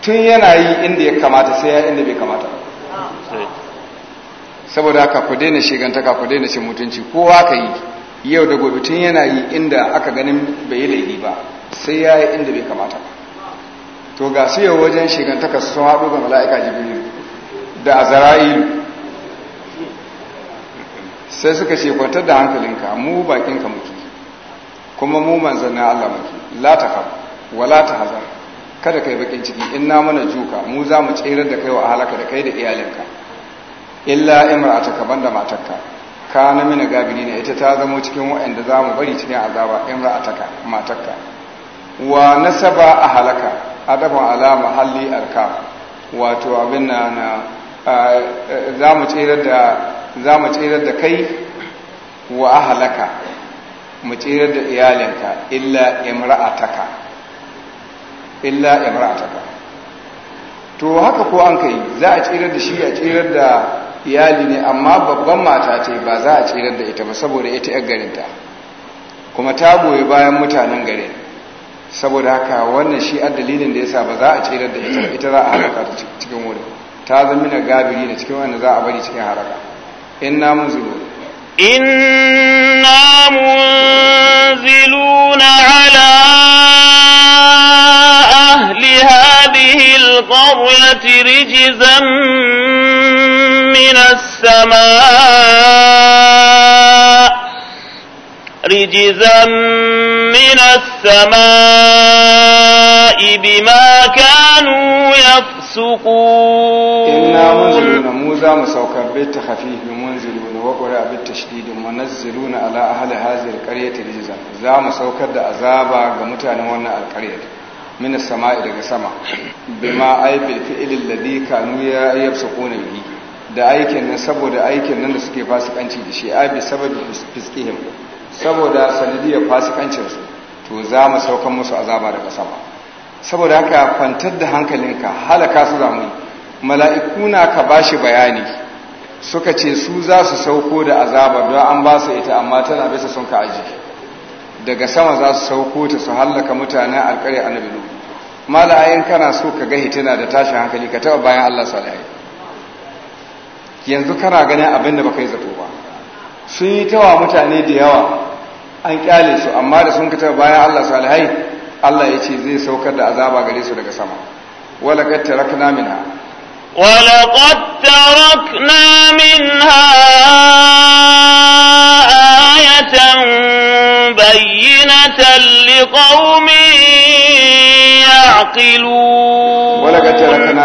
tun yana yi inda ya kamata sai ya inda bai kamata saboda haka ku daina shigantaka ku daina shi mutunci kowa ka yi yau da gobe tun yana yi inda aka ganin bai yi laifi ba sai ya yi inda bai kamata ba to ga su yau wajen shigantaka sun haɗu ga mala'ika jibiru da azara'ilu sai suka ce kwantar da hankalinka mu bakinka muke kuma mu manzannin allah muke latafa wa la ta hazar kada kai bakin ciki in na mana juka mu za mu tsere da kai wa halaka da kai da iyalinka illa imar a takaban da matarka ka na mina gabiri ne ita ta zamo cikin waɗanda za mu bari cikin azaba in taka matakka wa nasaba a halaka adabin alama halli arka wato abin na na za mu tserar da kai wa a halaka mu tserar da iyalinka illa imra'ataka illa imra'ataka to haka ko an kai za a tserar da shi a tserar da iyali ne amma babban mata ce ba za a tsirar da ita ba saboda ita yan garinta kuma ta goyi bayan mutanen garin saboda haka wannan shi dalilin da ya sa ba za a tsirar da ita ita za a haraka ta cikin wurin ta zama na gabiri da cikin wanda za a bari cikin haraka in na munzilu inna munziluna ala ahli hadhihi alqaryati rijzan السماء رجزا من السماء بما كانوا يفسقون إنا منزلون موزا مسوكر بيت خفيف منزلون وقرأ بالتشديد منزلون على أهل هذه القرية رجزا زا مسوكر دا أزابا غمتان ونا القرية min sama'i daga sama bima ay bil fi'l alladhi kanu yafsukuna bihi da aikin nan saboda aikin nan da suke fasikanci da shi a bi sababi fiskihim saboda sanadiyar fasikancinsu to za mu saukan musu azaba daga sama saboda haka kwantar da hankalinka halaka su zamu mala'iku na ka bashi bayani suka ce su za su sauko da azaba don an ba su ita amma tana bisa sun ka aji daga sama za su sauko ta su hallaka mutanen alƙarya annabi mala'ayin kana so ka ga hitina da tashin hankali ka taɓa bayan Allah sallallahu yanzu kana ganin abin da baka yi zato ba sun yi tawa mutane da yawa an kyale su amma da sun kata bayan Allah salihai Allah ya ce zai saukar da azaba gare su daga sama wala qad minha wala rakna minha walaka ولقد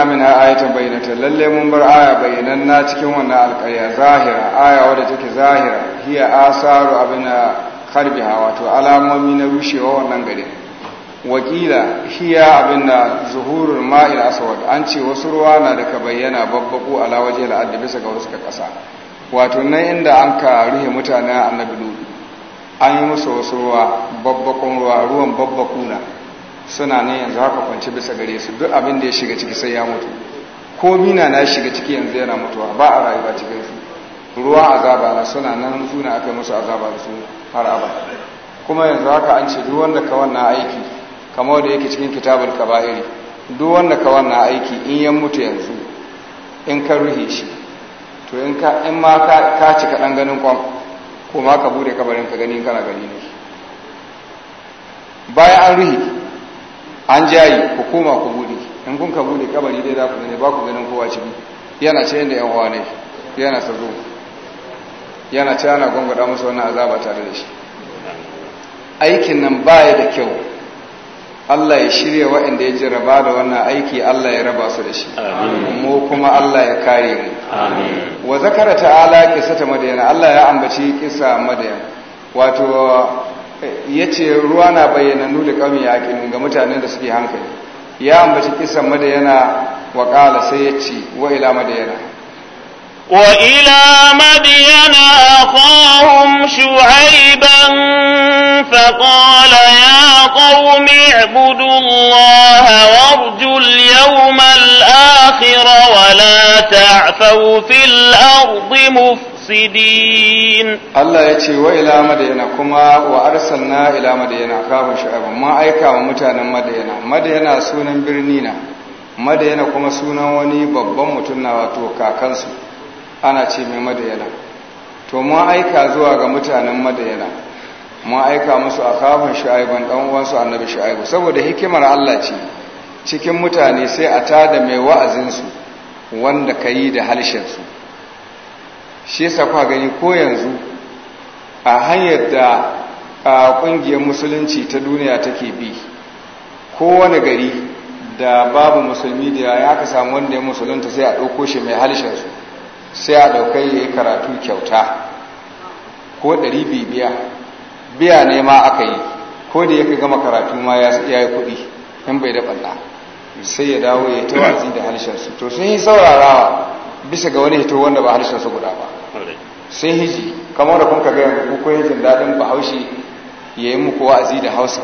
min ayatin ta lalle mun bar aya bayyananna cikin wannan القرية zahira aya wadda take zahira hiya asaru abin karbiha wato alamomi na rushewa wannan gare wakila hiya abin zuhurul ma'il aswad an ce wasu ruwa na da ka bayyana babbaku ala waje al'adda bisa ga wasu kasa wato nan inda an ka ruhe mutanen annabi an yi musu wasu ruwa babbakun ruwa ruwan babbaku na suna nan yanzu haka kwanci bisa gare su duk abin da ya shiga ciki sai ya mutu ko mina na shiga ciki yanzu yana mutuwa ba a rayuwa cikin su ruwa azaba na suna nan suna aka musu azaba su har aba kuma yanzu haka an ce duk wanda ka wannan aiki kamar da yake cikin kitabul kaba'iri duk wanda ka wannan aiki in ya mutu yanzu in ka ruhe shi to in ka in ma ka ka cika dan ganin kwan ko ma ka bude kabarin ka gani kana gani ne bayan an ruhe an jayi ku koma ku bude in kun ka bude kabari dai za ku gane ba ku ganin kowa ciki yana ce inda yan ne yana zo, yana ce ana gwangwada musu wannan azaba tare da shi aikin nan ba ya da kyau Allah ya shirya waɗanda ya jarraba da wannan aiki Allah ya raba su da shi mu kuma Allah ya kare mu wa zakara ta'ala ta madayana Allah ya ambaci kisa madyan wato ya ce ruwa na bayyana nuli ya ake ga mutanen da suke hankali ya ambaci kisan madayana wa kala sai ya ce wa ila madayana wa ila madayana akwahun shu'aiban faƙala ya ƙaumi abudu Allah warjul yawmal akhira wa la ta'fau fil ardi mufti mufsidin Allah ya ce wa ila madayana kuma wa arsalna ila madayana kafin shu'aib mun aika wa mutanen madayana madayana sunan birni na madayana kuma sunan wani babban mutum na wato kakansu ana ce mai madayana to mun aika zuwa ga mutanen madayana mun aika musu a kafin shu'aiban dan uwansu annabi shu'aibu saboda hikimar Allah ce cikin mutane sai a tada mai wa'azinsu wanda ka yi da halshensu shi yasa kwa gani ko yanzu a hanyar da kungiyar musulunci ta duniya take bi kowane gari da babu musulmi da ya ka samu wanda ya musulunta sai a ɗauko shi mai halshensu sai a ɗaukai ya yi karatu kyauta ko ɗari bibiya biya ne ma aka yi ko da yake gama karatu ma ya yi kuɗi in bai da ɓanna sai ya dawo ya ta watsi da harshensu to sun yi saurarawa bisa ga wani hito wanda ba su guda ba sai hiji kamar da kuma ka gaya ku ko hijin daɗin bahaushe ya yi muku wa'azi da hausa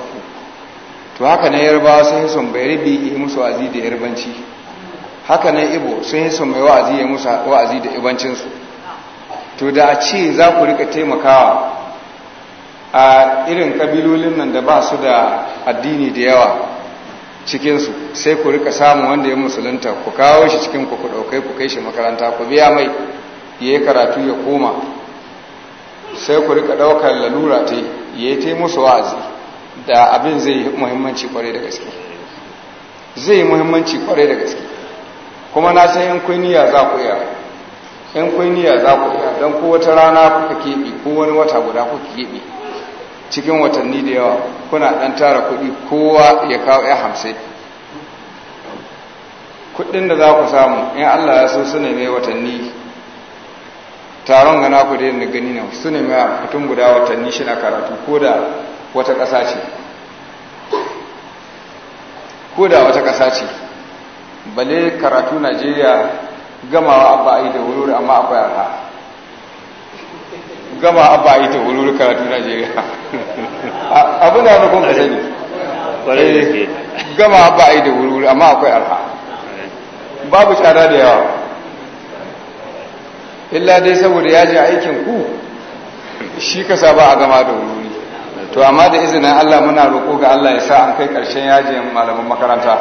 to haka na yarbawa sun yi sun bai rabi yi musu wa'azi da yarbanci haka na ibo sun yi sun mai wa'azi ya yi musu wa'azi da ibancinsu to da a ce za ku rika taimakawa a irin kabilolin nan da ba su da addini da yawa cikinsu sai ku rika samun wanda ya musulunta ku kawo shi cikin ku ku ɗaukai ku kai shi makaranta ku biya mai ya karatu ya koma sai ku rika ɗaukar lalura ta ya yi ta musu wa'azi da abin zai yi muhimmanci kwarai da gaske zai yi muhimmanci kwarai da gaske kuma na san yan kwiniya za ku iya yan kwiniya za ku iya don ko wata rana kuka keɓe ko wani wata guda kuka keɓe cikin watanni da yawa kuna ɗan tara kuɗi kowa ya kawo ya hamsin kuɗin da za ku samu in allah ya so su ne mai watanni taron gana ku da yadda gani na su ne ma mutum guda watanni shida karatu ko da wata ƙasa ce ko da wata ƙasa ce bale karatu najeriya gamawa abba yi da wuri amma akwai arha gama abba yi da wuri karatu najeriya abin da rukun ka sani eh, gama abba yi da wuri amma akwai arha babu tsada da yawa illa dai saboda ya ji aikin ku shi ka saba a gama da wuri to amma da izinin Allah muna roƙo ga Allah ya sa an kai ƙarshen yajin malaman makaranta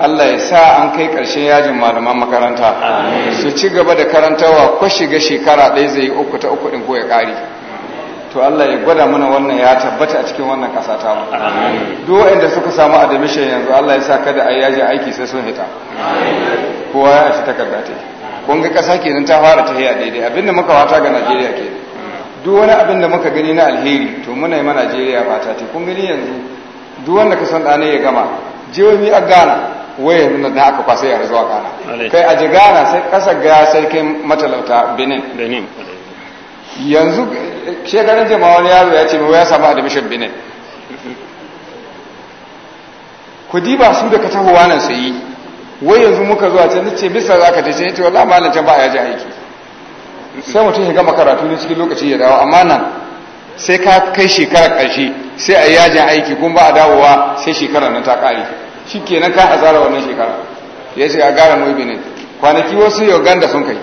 Allah ya sa an kai ƙarshen yajin malaman makaranta su ci gaba da karantawa ko shiga shekara ɗaya zai uku ta uku ɗin ko ya ƙari to Allah ya gwada mana wannan ya tabbata a cikin wannan ƙasa ta mu duk waɗanda suka samu admission yanzu Allah ya sa kada a yaji aiki sai sun hita kowa ya ci takarda ta yi kun ga ƙasa kenan ta fara tahiya daidai abinda muka wata ga najeriya ke duk wani abin da muka gani na alheri to muna yi ma najeriya fata ta kun gani yanzu duk wanda ka san ɗane ya gama jiwomi a ghana waya nuna na aka kwasa yara zuwa ghana kai a ji ghana sai kasa ga sai kai matalauta benin yanzu shekarun jama'a wani yaro ya ce mai ya samu admission benin ku diba su da katahuwa nan sai yi wai yanzu muka zuwa can ce bisa za ka ta ce wala malam can ba a yaji aiki sai mutum ya gama karatu ne cikin lokaci ya dawo amma nan sai ka kai shekarar ƙarshe sai a yajin aiki kuma ba a dawowa sai shekarar nan ta ƙare shi kenan ka hasara wannan shekara ya ce a gara mu ibinin kwanaki wasu uganda sun kai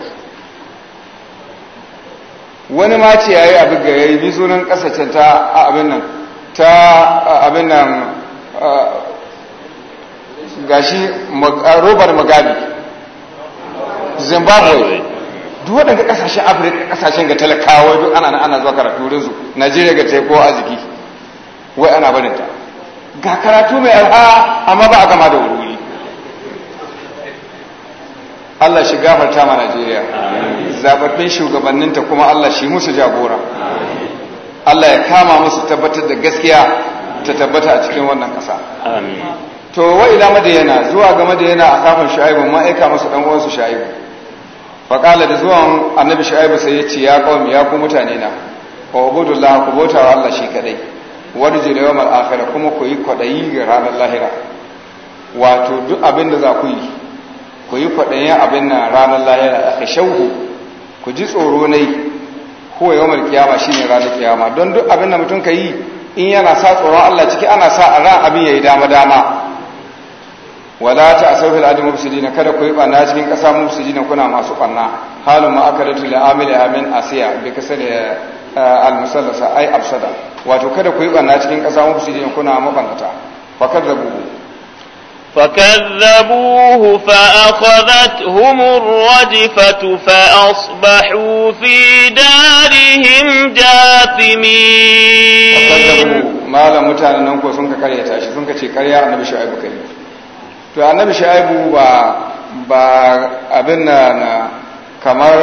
wani ma ce ya yi abin ga ya yi sunan kasacen ta abin nan ta abin nan gashi robar magabi zimbabwe duk waɗanda ƙasashen afirka ƙasashen ga talakawa duk ana ana zuwa karatu rinsu najeriya ga a arziki wai ana barin ta ga karatu mai alha amma ba a gama da wuri Allah shi gafarta ma Najeriya zababbin shugabanninta kuma Allah shi musu jagora Allah ya kama musu tabbatar da gaskiya ta tabbata a cikin wannan ƙasa amin to wa ila madayana zuwa ga madayana a kafin shu'aibu ma aika musu dan uwansu shu'aibu fa qala da zuwan annabi shu'aibu sai ya ce ya qaumi ya ku mutane na wa ubudullah ku bauta wa Allah shi kadai wani jira yawmal akhirah kuma ku yi kwadayi ga ranar lahira wato duk abin da za ku yi ku yi kwadayin abin nan ranar lahira a shauhu ku ji tsoro ne ko yawmal kiyama shine ranar kiyama don duk abin da mutum ka yi in yana sa tsoron Allah ciki ana sa a ran abin yayi dama dama wala ta asawfi al'adu mufsidina kada ku yi barna cikin ƙasa mufsidina kuna masu barna halin ma aka datu la'amil amin asiya bi kasar eh, eh, al-musallasa ai absada wato kada ku yi barna cikin ƙasa mufsidina kuna mabannata fakar da bugu فكذبوه فأخذتهم الرجفة فأصبحوا في دارهم جاثمين ما لم متعلن ننكو سنك كريا تاشي تي كريا النبي شعيب كريم to annabi shaibu ba ba abin na kamar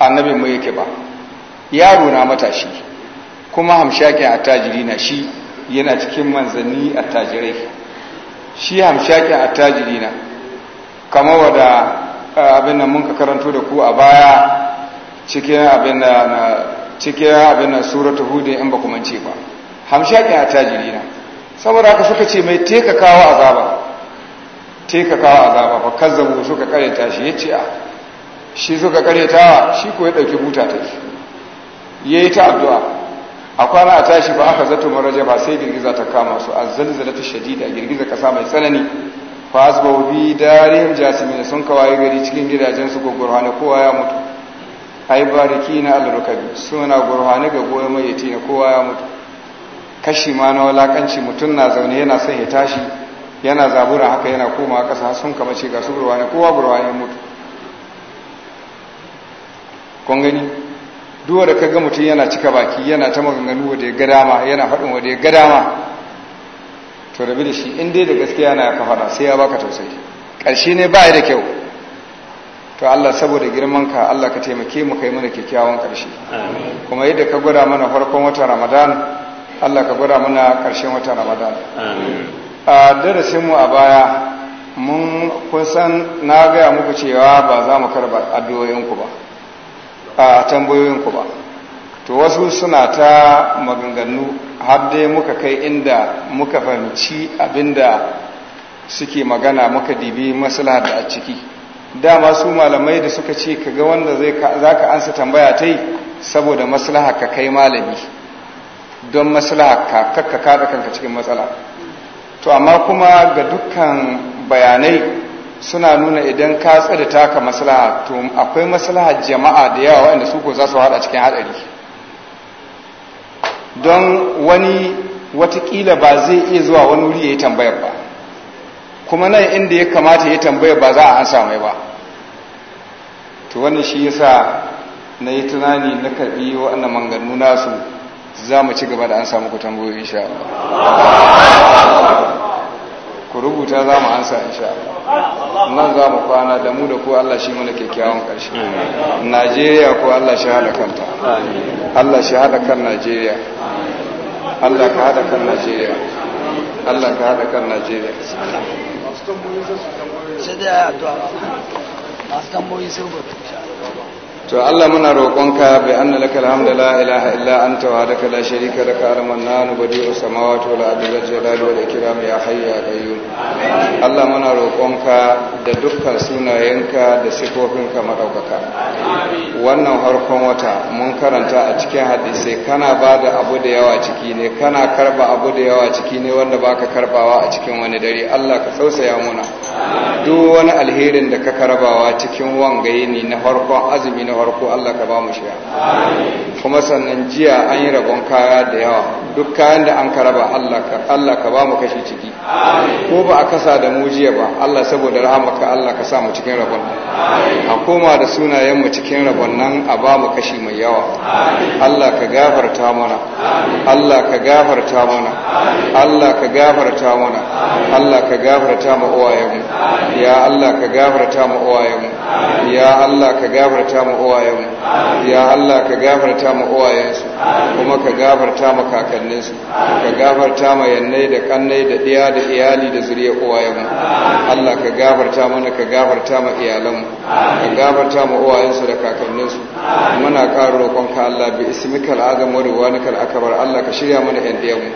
annabi mu yake ba yaro na matashi kuma hamshakin attajiri na shi yana cikin manzanni attajirai shi hamshakin attajiri na kamar wada abin nan mun karanto da ku a baya cikin abin na cikin abin na suratul in ba kuma ce ba hamshakin attajiri na saboda haka suka ce mai teka kawo azaba te ka kawo azaba fa kazzabu suka karyata shi ce a ah, shi suka karyata shi ko ya dauki buta ta shi yi ta addu'a a kwana a tashi ba aka zato maraja ba sai girgiza ta kama su a ta shadida girgiza kasa mai tsanani fa asbahu bi darihim jasimin sun kawai gari cikin gidajen su gogorhane kowa ya mutu ai bariki na alrukabi suna gurhane ga goyon mai yati na kowa ya mutu kashi ma na walakanci mutum na zaune yana son ya tashi yana zabura haka yana koma kasa sun kama ce ga su ne kowa burwa ne mutu kun gani duwa da kaga mutum yana cika baki yana ta maganganu wadda ya gada ma yana faɗin wadda ya gada ma to rabi da shi in dai da gaskiya na ka faɗa sai ya baka tausayi ƙarshe ne ba da kyau to Allah saboda girman ka Allah ka taimake mu kai mana kyakkyawan ƙarshe kuma yadda ka gwada mana farkon watan Ramadan Allah ka gwada mana ƙarshen watan Ramadan a darasinmu a baya mun kusan na gaya muku cewa ba za mu karba addu'o'inku ba a tambayoyinku ba to wasu suna ta maganganu har dai muka kai inda muka fahimci abinda suke magana muka dibi maslaha da a ciki dama su malamai da suka ce ka ga wanda za ka ansa tambaya ta yi saboda maslaha ka kai malami don maslaha ka kakka kada kanka cikin matsala to amma kuma ga dukkan bayanai suna nuna idan ka tsada taka maslaha to akwai maslaha jama'a da yawa wanda su ko za su hada cikin hadari don wani watakila ba zai iya zuwa wani wuri ya yi tambayar ba kuma nan inda ya kamata ya tambayar ba za a ansa mai ba to wannan shi yasa na yi tunani na karbi waɗannan manganu nasu za mu ci gaba da an samu ku tambayoyi insha Allah ku rubuta za mu ansa insha Allah nan za mu kwana da mu da ku Allah shi mana kyakkyawan ƙarshe Najeriya ku Allah shi hada kanta Allah shi hada kan Najeriya Allah ka hada kan Najeriya Allah ka hada kan Najeriya sai da addu'a masu tambayoyi sai ba insha to Allah muna roƙonka bi anna laka alhamdu la ilaha illa anta wa hadaka la sharika laka al-mannan badi'u samawati wal ardi wal jalali wal ikram ya hayyu ya qayyum Allah muna roƙonka da dukkan sunayenka da sifofinka madaukaka wannan harkon wata mun karanta a cikin hadisi kana bada abu da yawa ciki ne kana karba abu da yawa ciki ne wanda baka karbawa a cikin wani dare Allah ka sausaya muna duk wani alherin da kaka rabawa cikin wangaye ne na farkon azumi na farko Allah ka ba mu shiga kuma sannan jiya an yi rabon kaya da yawa duk kayan da an karaba Allah ka ba mu kashi ciki ko ba a kasa da mu jiya ba Allah saboda rahamaka Allah ka sa mu cikin rabon a koma da sunayen mu cikin rabon nan a ba mu kashi mai yawa Allah ka gafarta mana Allah ka gafarta mana Allah ka gafarta mana Allah ka gafarta ma uwayenmu ya Allah ka gafarta mu uwayenmu ya Allah ka gafarta mu uwayenmu ya Allah ka gafarta mu uwayensu kuma ka gafarta mu kakanninsu ka gafarta mu yannai da kannai da diya da iyali da zuriyar uwayenmu Allah ka gafarta mana ka gafarta mu iyalanmu ka gafarta mu uwayensu da kakanninsu muna roƙon ka Allah bi ismikal azam wa riwanikal akbar Allah ka shirya mana yan diyanmu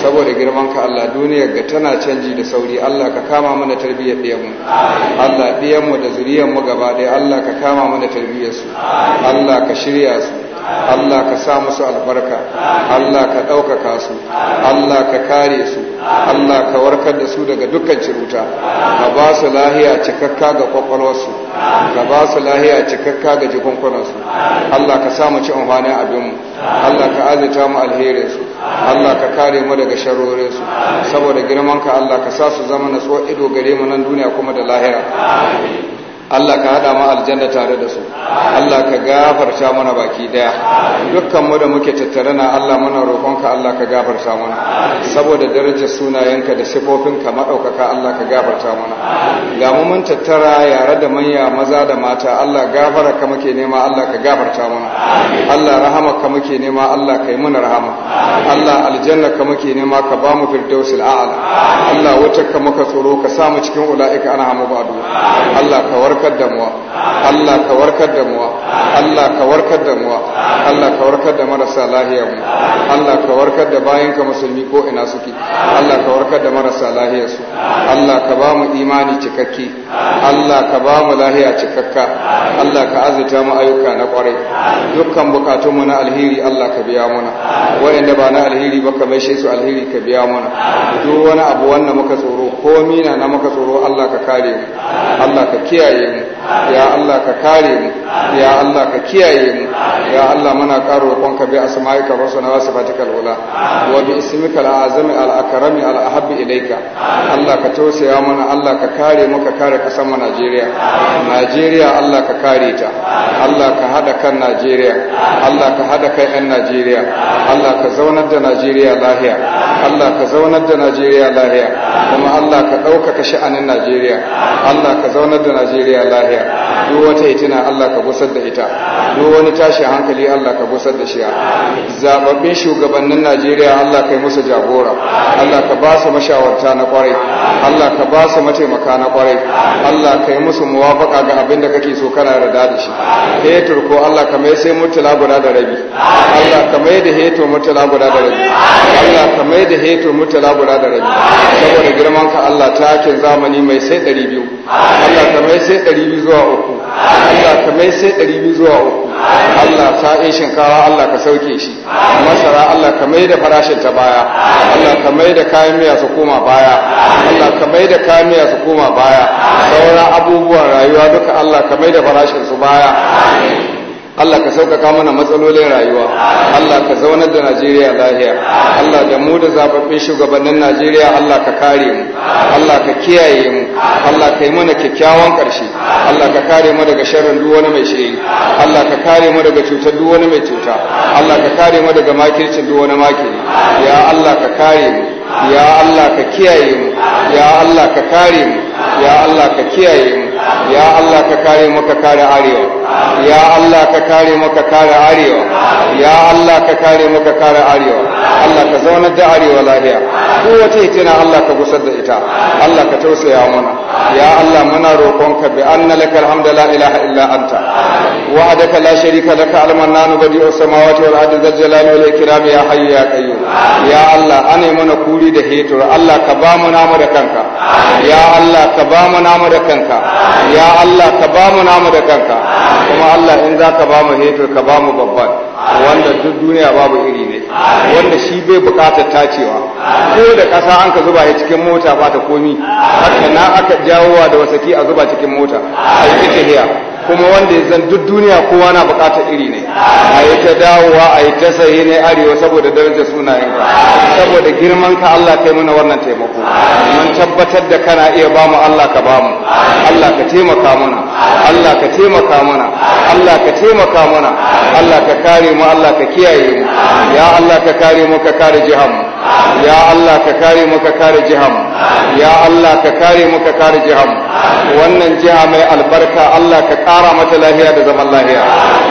saboda girman ka Allah duniyar ga tana canji da sauri Allah ka kama mana tarbiyya tarbiyyar ɗiyanmu Allah ɗiyanmu da zuriyanmu gaba ɗaya Allah ka kama mana tarbiyyarsu Allah ka shirya su Allah ka sa musu albarka Allah ka ɗaukaka su Allah ka kare su Allah ka warkar da su daga dukkan ciruta ka ba su lahiya cikakka ga kwakwalwarsu ka ba su lahiya cikakka ga jikunkunansu Allah ka sa mu ci amfanin abinmu Allah ka azita mu alherinsu Allah ka kare mu daga sharorinsu saboda girmanka ka Allah ka sa su zama na ido gare mu nan duniya kuma da lahira Allah ka hada ma aljanna tare da su Allah ka gafarta mana baki daya dukkan mu da muke tattare na Allah muna roƙonka Allah ka gafarta mana saboda darajar sunayenka da sifofinka madaukaka Allah ka gafarta mana ga mu mun tattara yare da manya maza da mata Allah gafara ka muke nema Allah ka gafarta mana Allah rahama ka muke nema Allah kai mana rahama Allah aljanna ka muke nema ka ba mu firdausil a'la Allah wutar ka muka tsoro ka samu cikin ulaiika ana ba'du Allah ka warkar da muwa Allah ka warkar da muwa Allah ka warkar da muwa Allah ka warkar da marasa lahiyar mu Allah ka warkar da bayan ka musulmi ko ina suke Allah ka warkar da marasa lahiyar su Allah ka ba mu imani cikakke Allah ka ba mu lahiya cikakka Allah ka azuta mu ayyuka na kwarai dukkan bukatun mu na alheri Allah ka biya mana wayanda ba na alheri ba ka maishe su alheri ka biya mana. duk wani abu wanda muka tsoro ko mina na muka tsoro Allah ka kare mu Allah ka kiyaye del ya Allah ka kare mu ya Allah ka kiyaye mu ya Allah muna karo roƙonka bi asma'ika wa sunna wa sifatikal ula wa bi ismika al-azami al-akrami al-ahabbi ilayka Allah ka tausaya mana Allah ka kare mu ka kare kasar mu Najeriya Najeriya Allah ka kare ta Allah ka hada kan Najeriya Allah ka hada kan 'yan Najeriya Allah ka zaunar da Najeriya lahiya Allah ka zaunar da Najeriya lahiya kuma Allah ka ɗaukaka sha'anin Najeriya Allah ka zaunar da Najeriya lahiya lahiya duk wata hitina Allah ka gusar da ita duk wani tashi hankali Allah ka gusar da shi zababbin shugabannin Najeriya Allah kai musu jagora Allah ka ba su mashawarta na kwarai Allah ka ba su mataimaka na kwarai Allah kai musu muwafaka ga abin da kake so kana rada da shi hetur ko Allah ka mai sai mutula guda da rabi Allah ka mai da hetur mutula guda da rabi Allah ka mai da hetur mutula guda da rabi saboda girman ka Allah ta ke zamani mai sai 200 Allah ka mai sai 200 zuwa uku Allah ka mai sai ɗari biyu zuwa uku Allah ta yi shinkawa Allah ka sauke shi masara Allah ka mai da farashin ta baya Allah ka mai da kayan miya su koma baya Allah ka mai da kayan miya su koma baya sauran abubuwan rayuwa duka Allah ka mai da farashin su baya Allah ka sauƙaƙa mana matsalolin rayuwa Allah ka zaunar da Najeriya lahiya Allah da mu da zababbin shugabannin Najeriya Allah ka kare mu Allah ka kiyaye mu Allah ka yi mana kyakkyawan ƙarshe Allah ka kare mu daga sharrin duk wani mai shiri Allah ka kare mu daga cutar duk wani mai cuta Allah ka kare mu daga makircin duk wani makiri ya Allah ka kare mu ya Allah ka kiyaye mu ya Allah ka kare mu ya Allah ka kiyaye mu ya Allah ka kare maka kare arewa ya Allah ka kare maka kare arewa ya Allah ka kare maka kare arewa Allah ka zauna da arewa lafiya kowace tana Allah ka gusar da ita Allah ka tausaya mana ya Allah muna roƙonka bi anna lakal hamda la ilaha illa anta wa'adaka la sharika laka al-mannan badi'us samawati wal ardi dhal jalali wal ikram ya hayyu ya qayyum ya Allah ane mana kuri da hetur Allah ka ba mu namu da kanka ya Allah Allah ka ba mu namu da kanka ya Allah ka ba mu namu da kanka kuma Allah in za ka ba mu hetur ka ba mu babban wanda duk duniya babu iri ne wanda shi bai bukatar tacewa ko da ƙasa an ka zuba ya cikin mota ba ta komi haka na aka jawowa da wasaki a zuba cikin mota a yi kuma wanda ya zan duk duniya kowa na bukata iri ne a yi ta dawowa a yi ta sayi ne arewa saboda daraja sunayen yi. saboda girman ka Allah kai mana wannan taimako mun tabbatar da kana iya ba mu Allah ka ba mu Allah ka taimaka mana Allah ka taimaka mana Allah ka taimaka mana Allah ka kare mu Allah ka kiyaye mu ya Allah ka kare mu ka kare jihar mu ya Allah ka kare mu ka kare jihar mu ya Allah ka kare mu ka kare jihar wannan jiha mai albarka Allah ka kara mata lahiya da zaman lahiya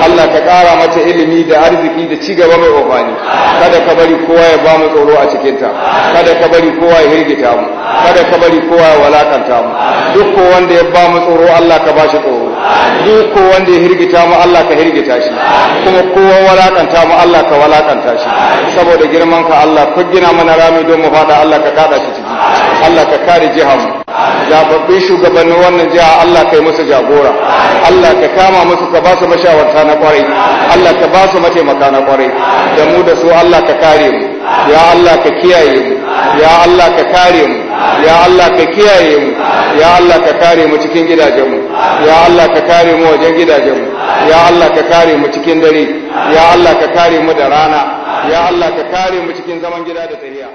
Allah ka kara mata ilimi da arziki da ci gaba mai ofani kada ka bari kowa ya ba mu tsoro a cikin ta kada ka bari kowa ya hirgita mu kada ka bari kowa ya walakanta mu duk wanda ya ba mu tsoro Allah ka bashi tsoro duk ko wanda ya hirgita mu Allah ka hirgita shi kuma kowa walakanta mu Allah ka walakanta shi saboda girman ka Allah ka gina mana rami don mu fada Allah ka kada shi ciki Allah ka kare jihar mu zababbin shugabannin wannan jiha Allah ka yi musu jagora Allah ka kama musu ka ba su mashawarta na kwarai Allah ka ba su mataimaka na kwarai da mu da su Allah ka kare mu ya Allah ka kiyaye mu ya Allah ka kare mu ya Allah ka kiyaye mu ya Allah ka kare mu cikin gidajen mu. ya Allah ka kare mu wajen gidajen mu. ya Allah ka kare mu cikin dare ya Allah ka kare mu da rana ya Allah ka kare mu cikin zaman gida da tsariya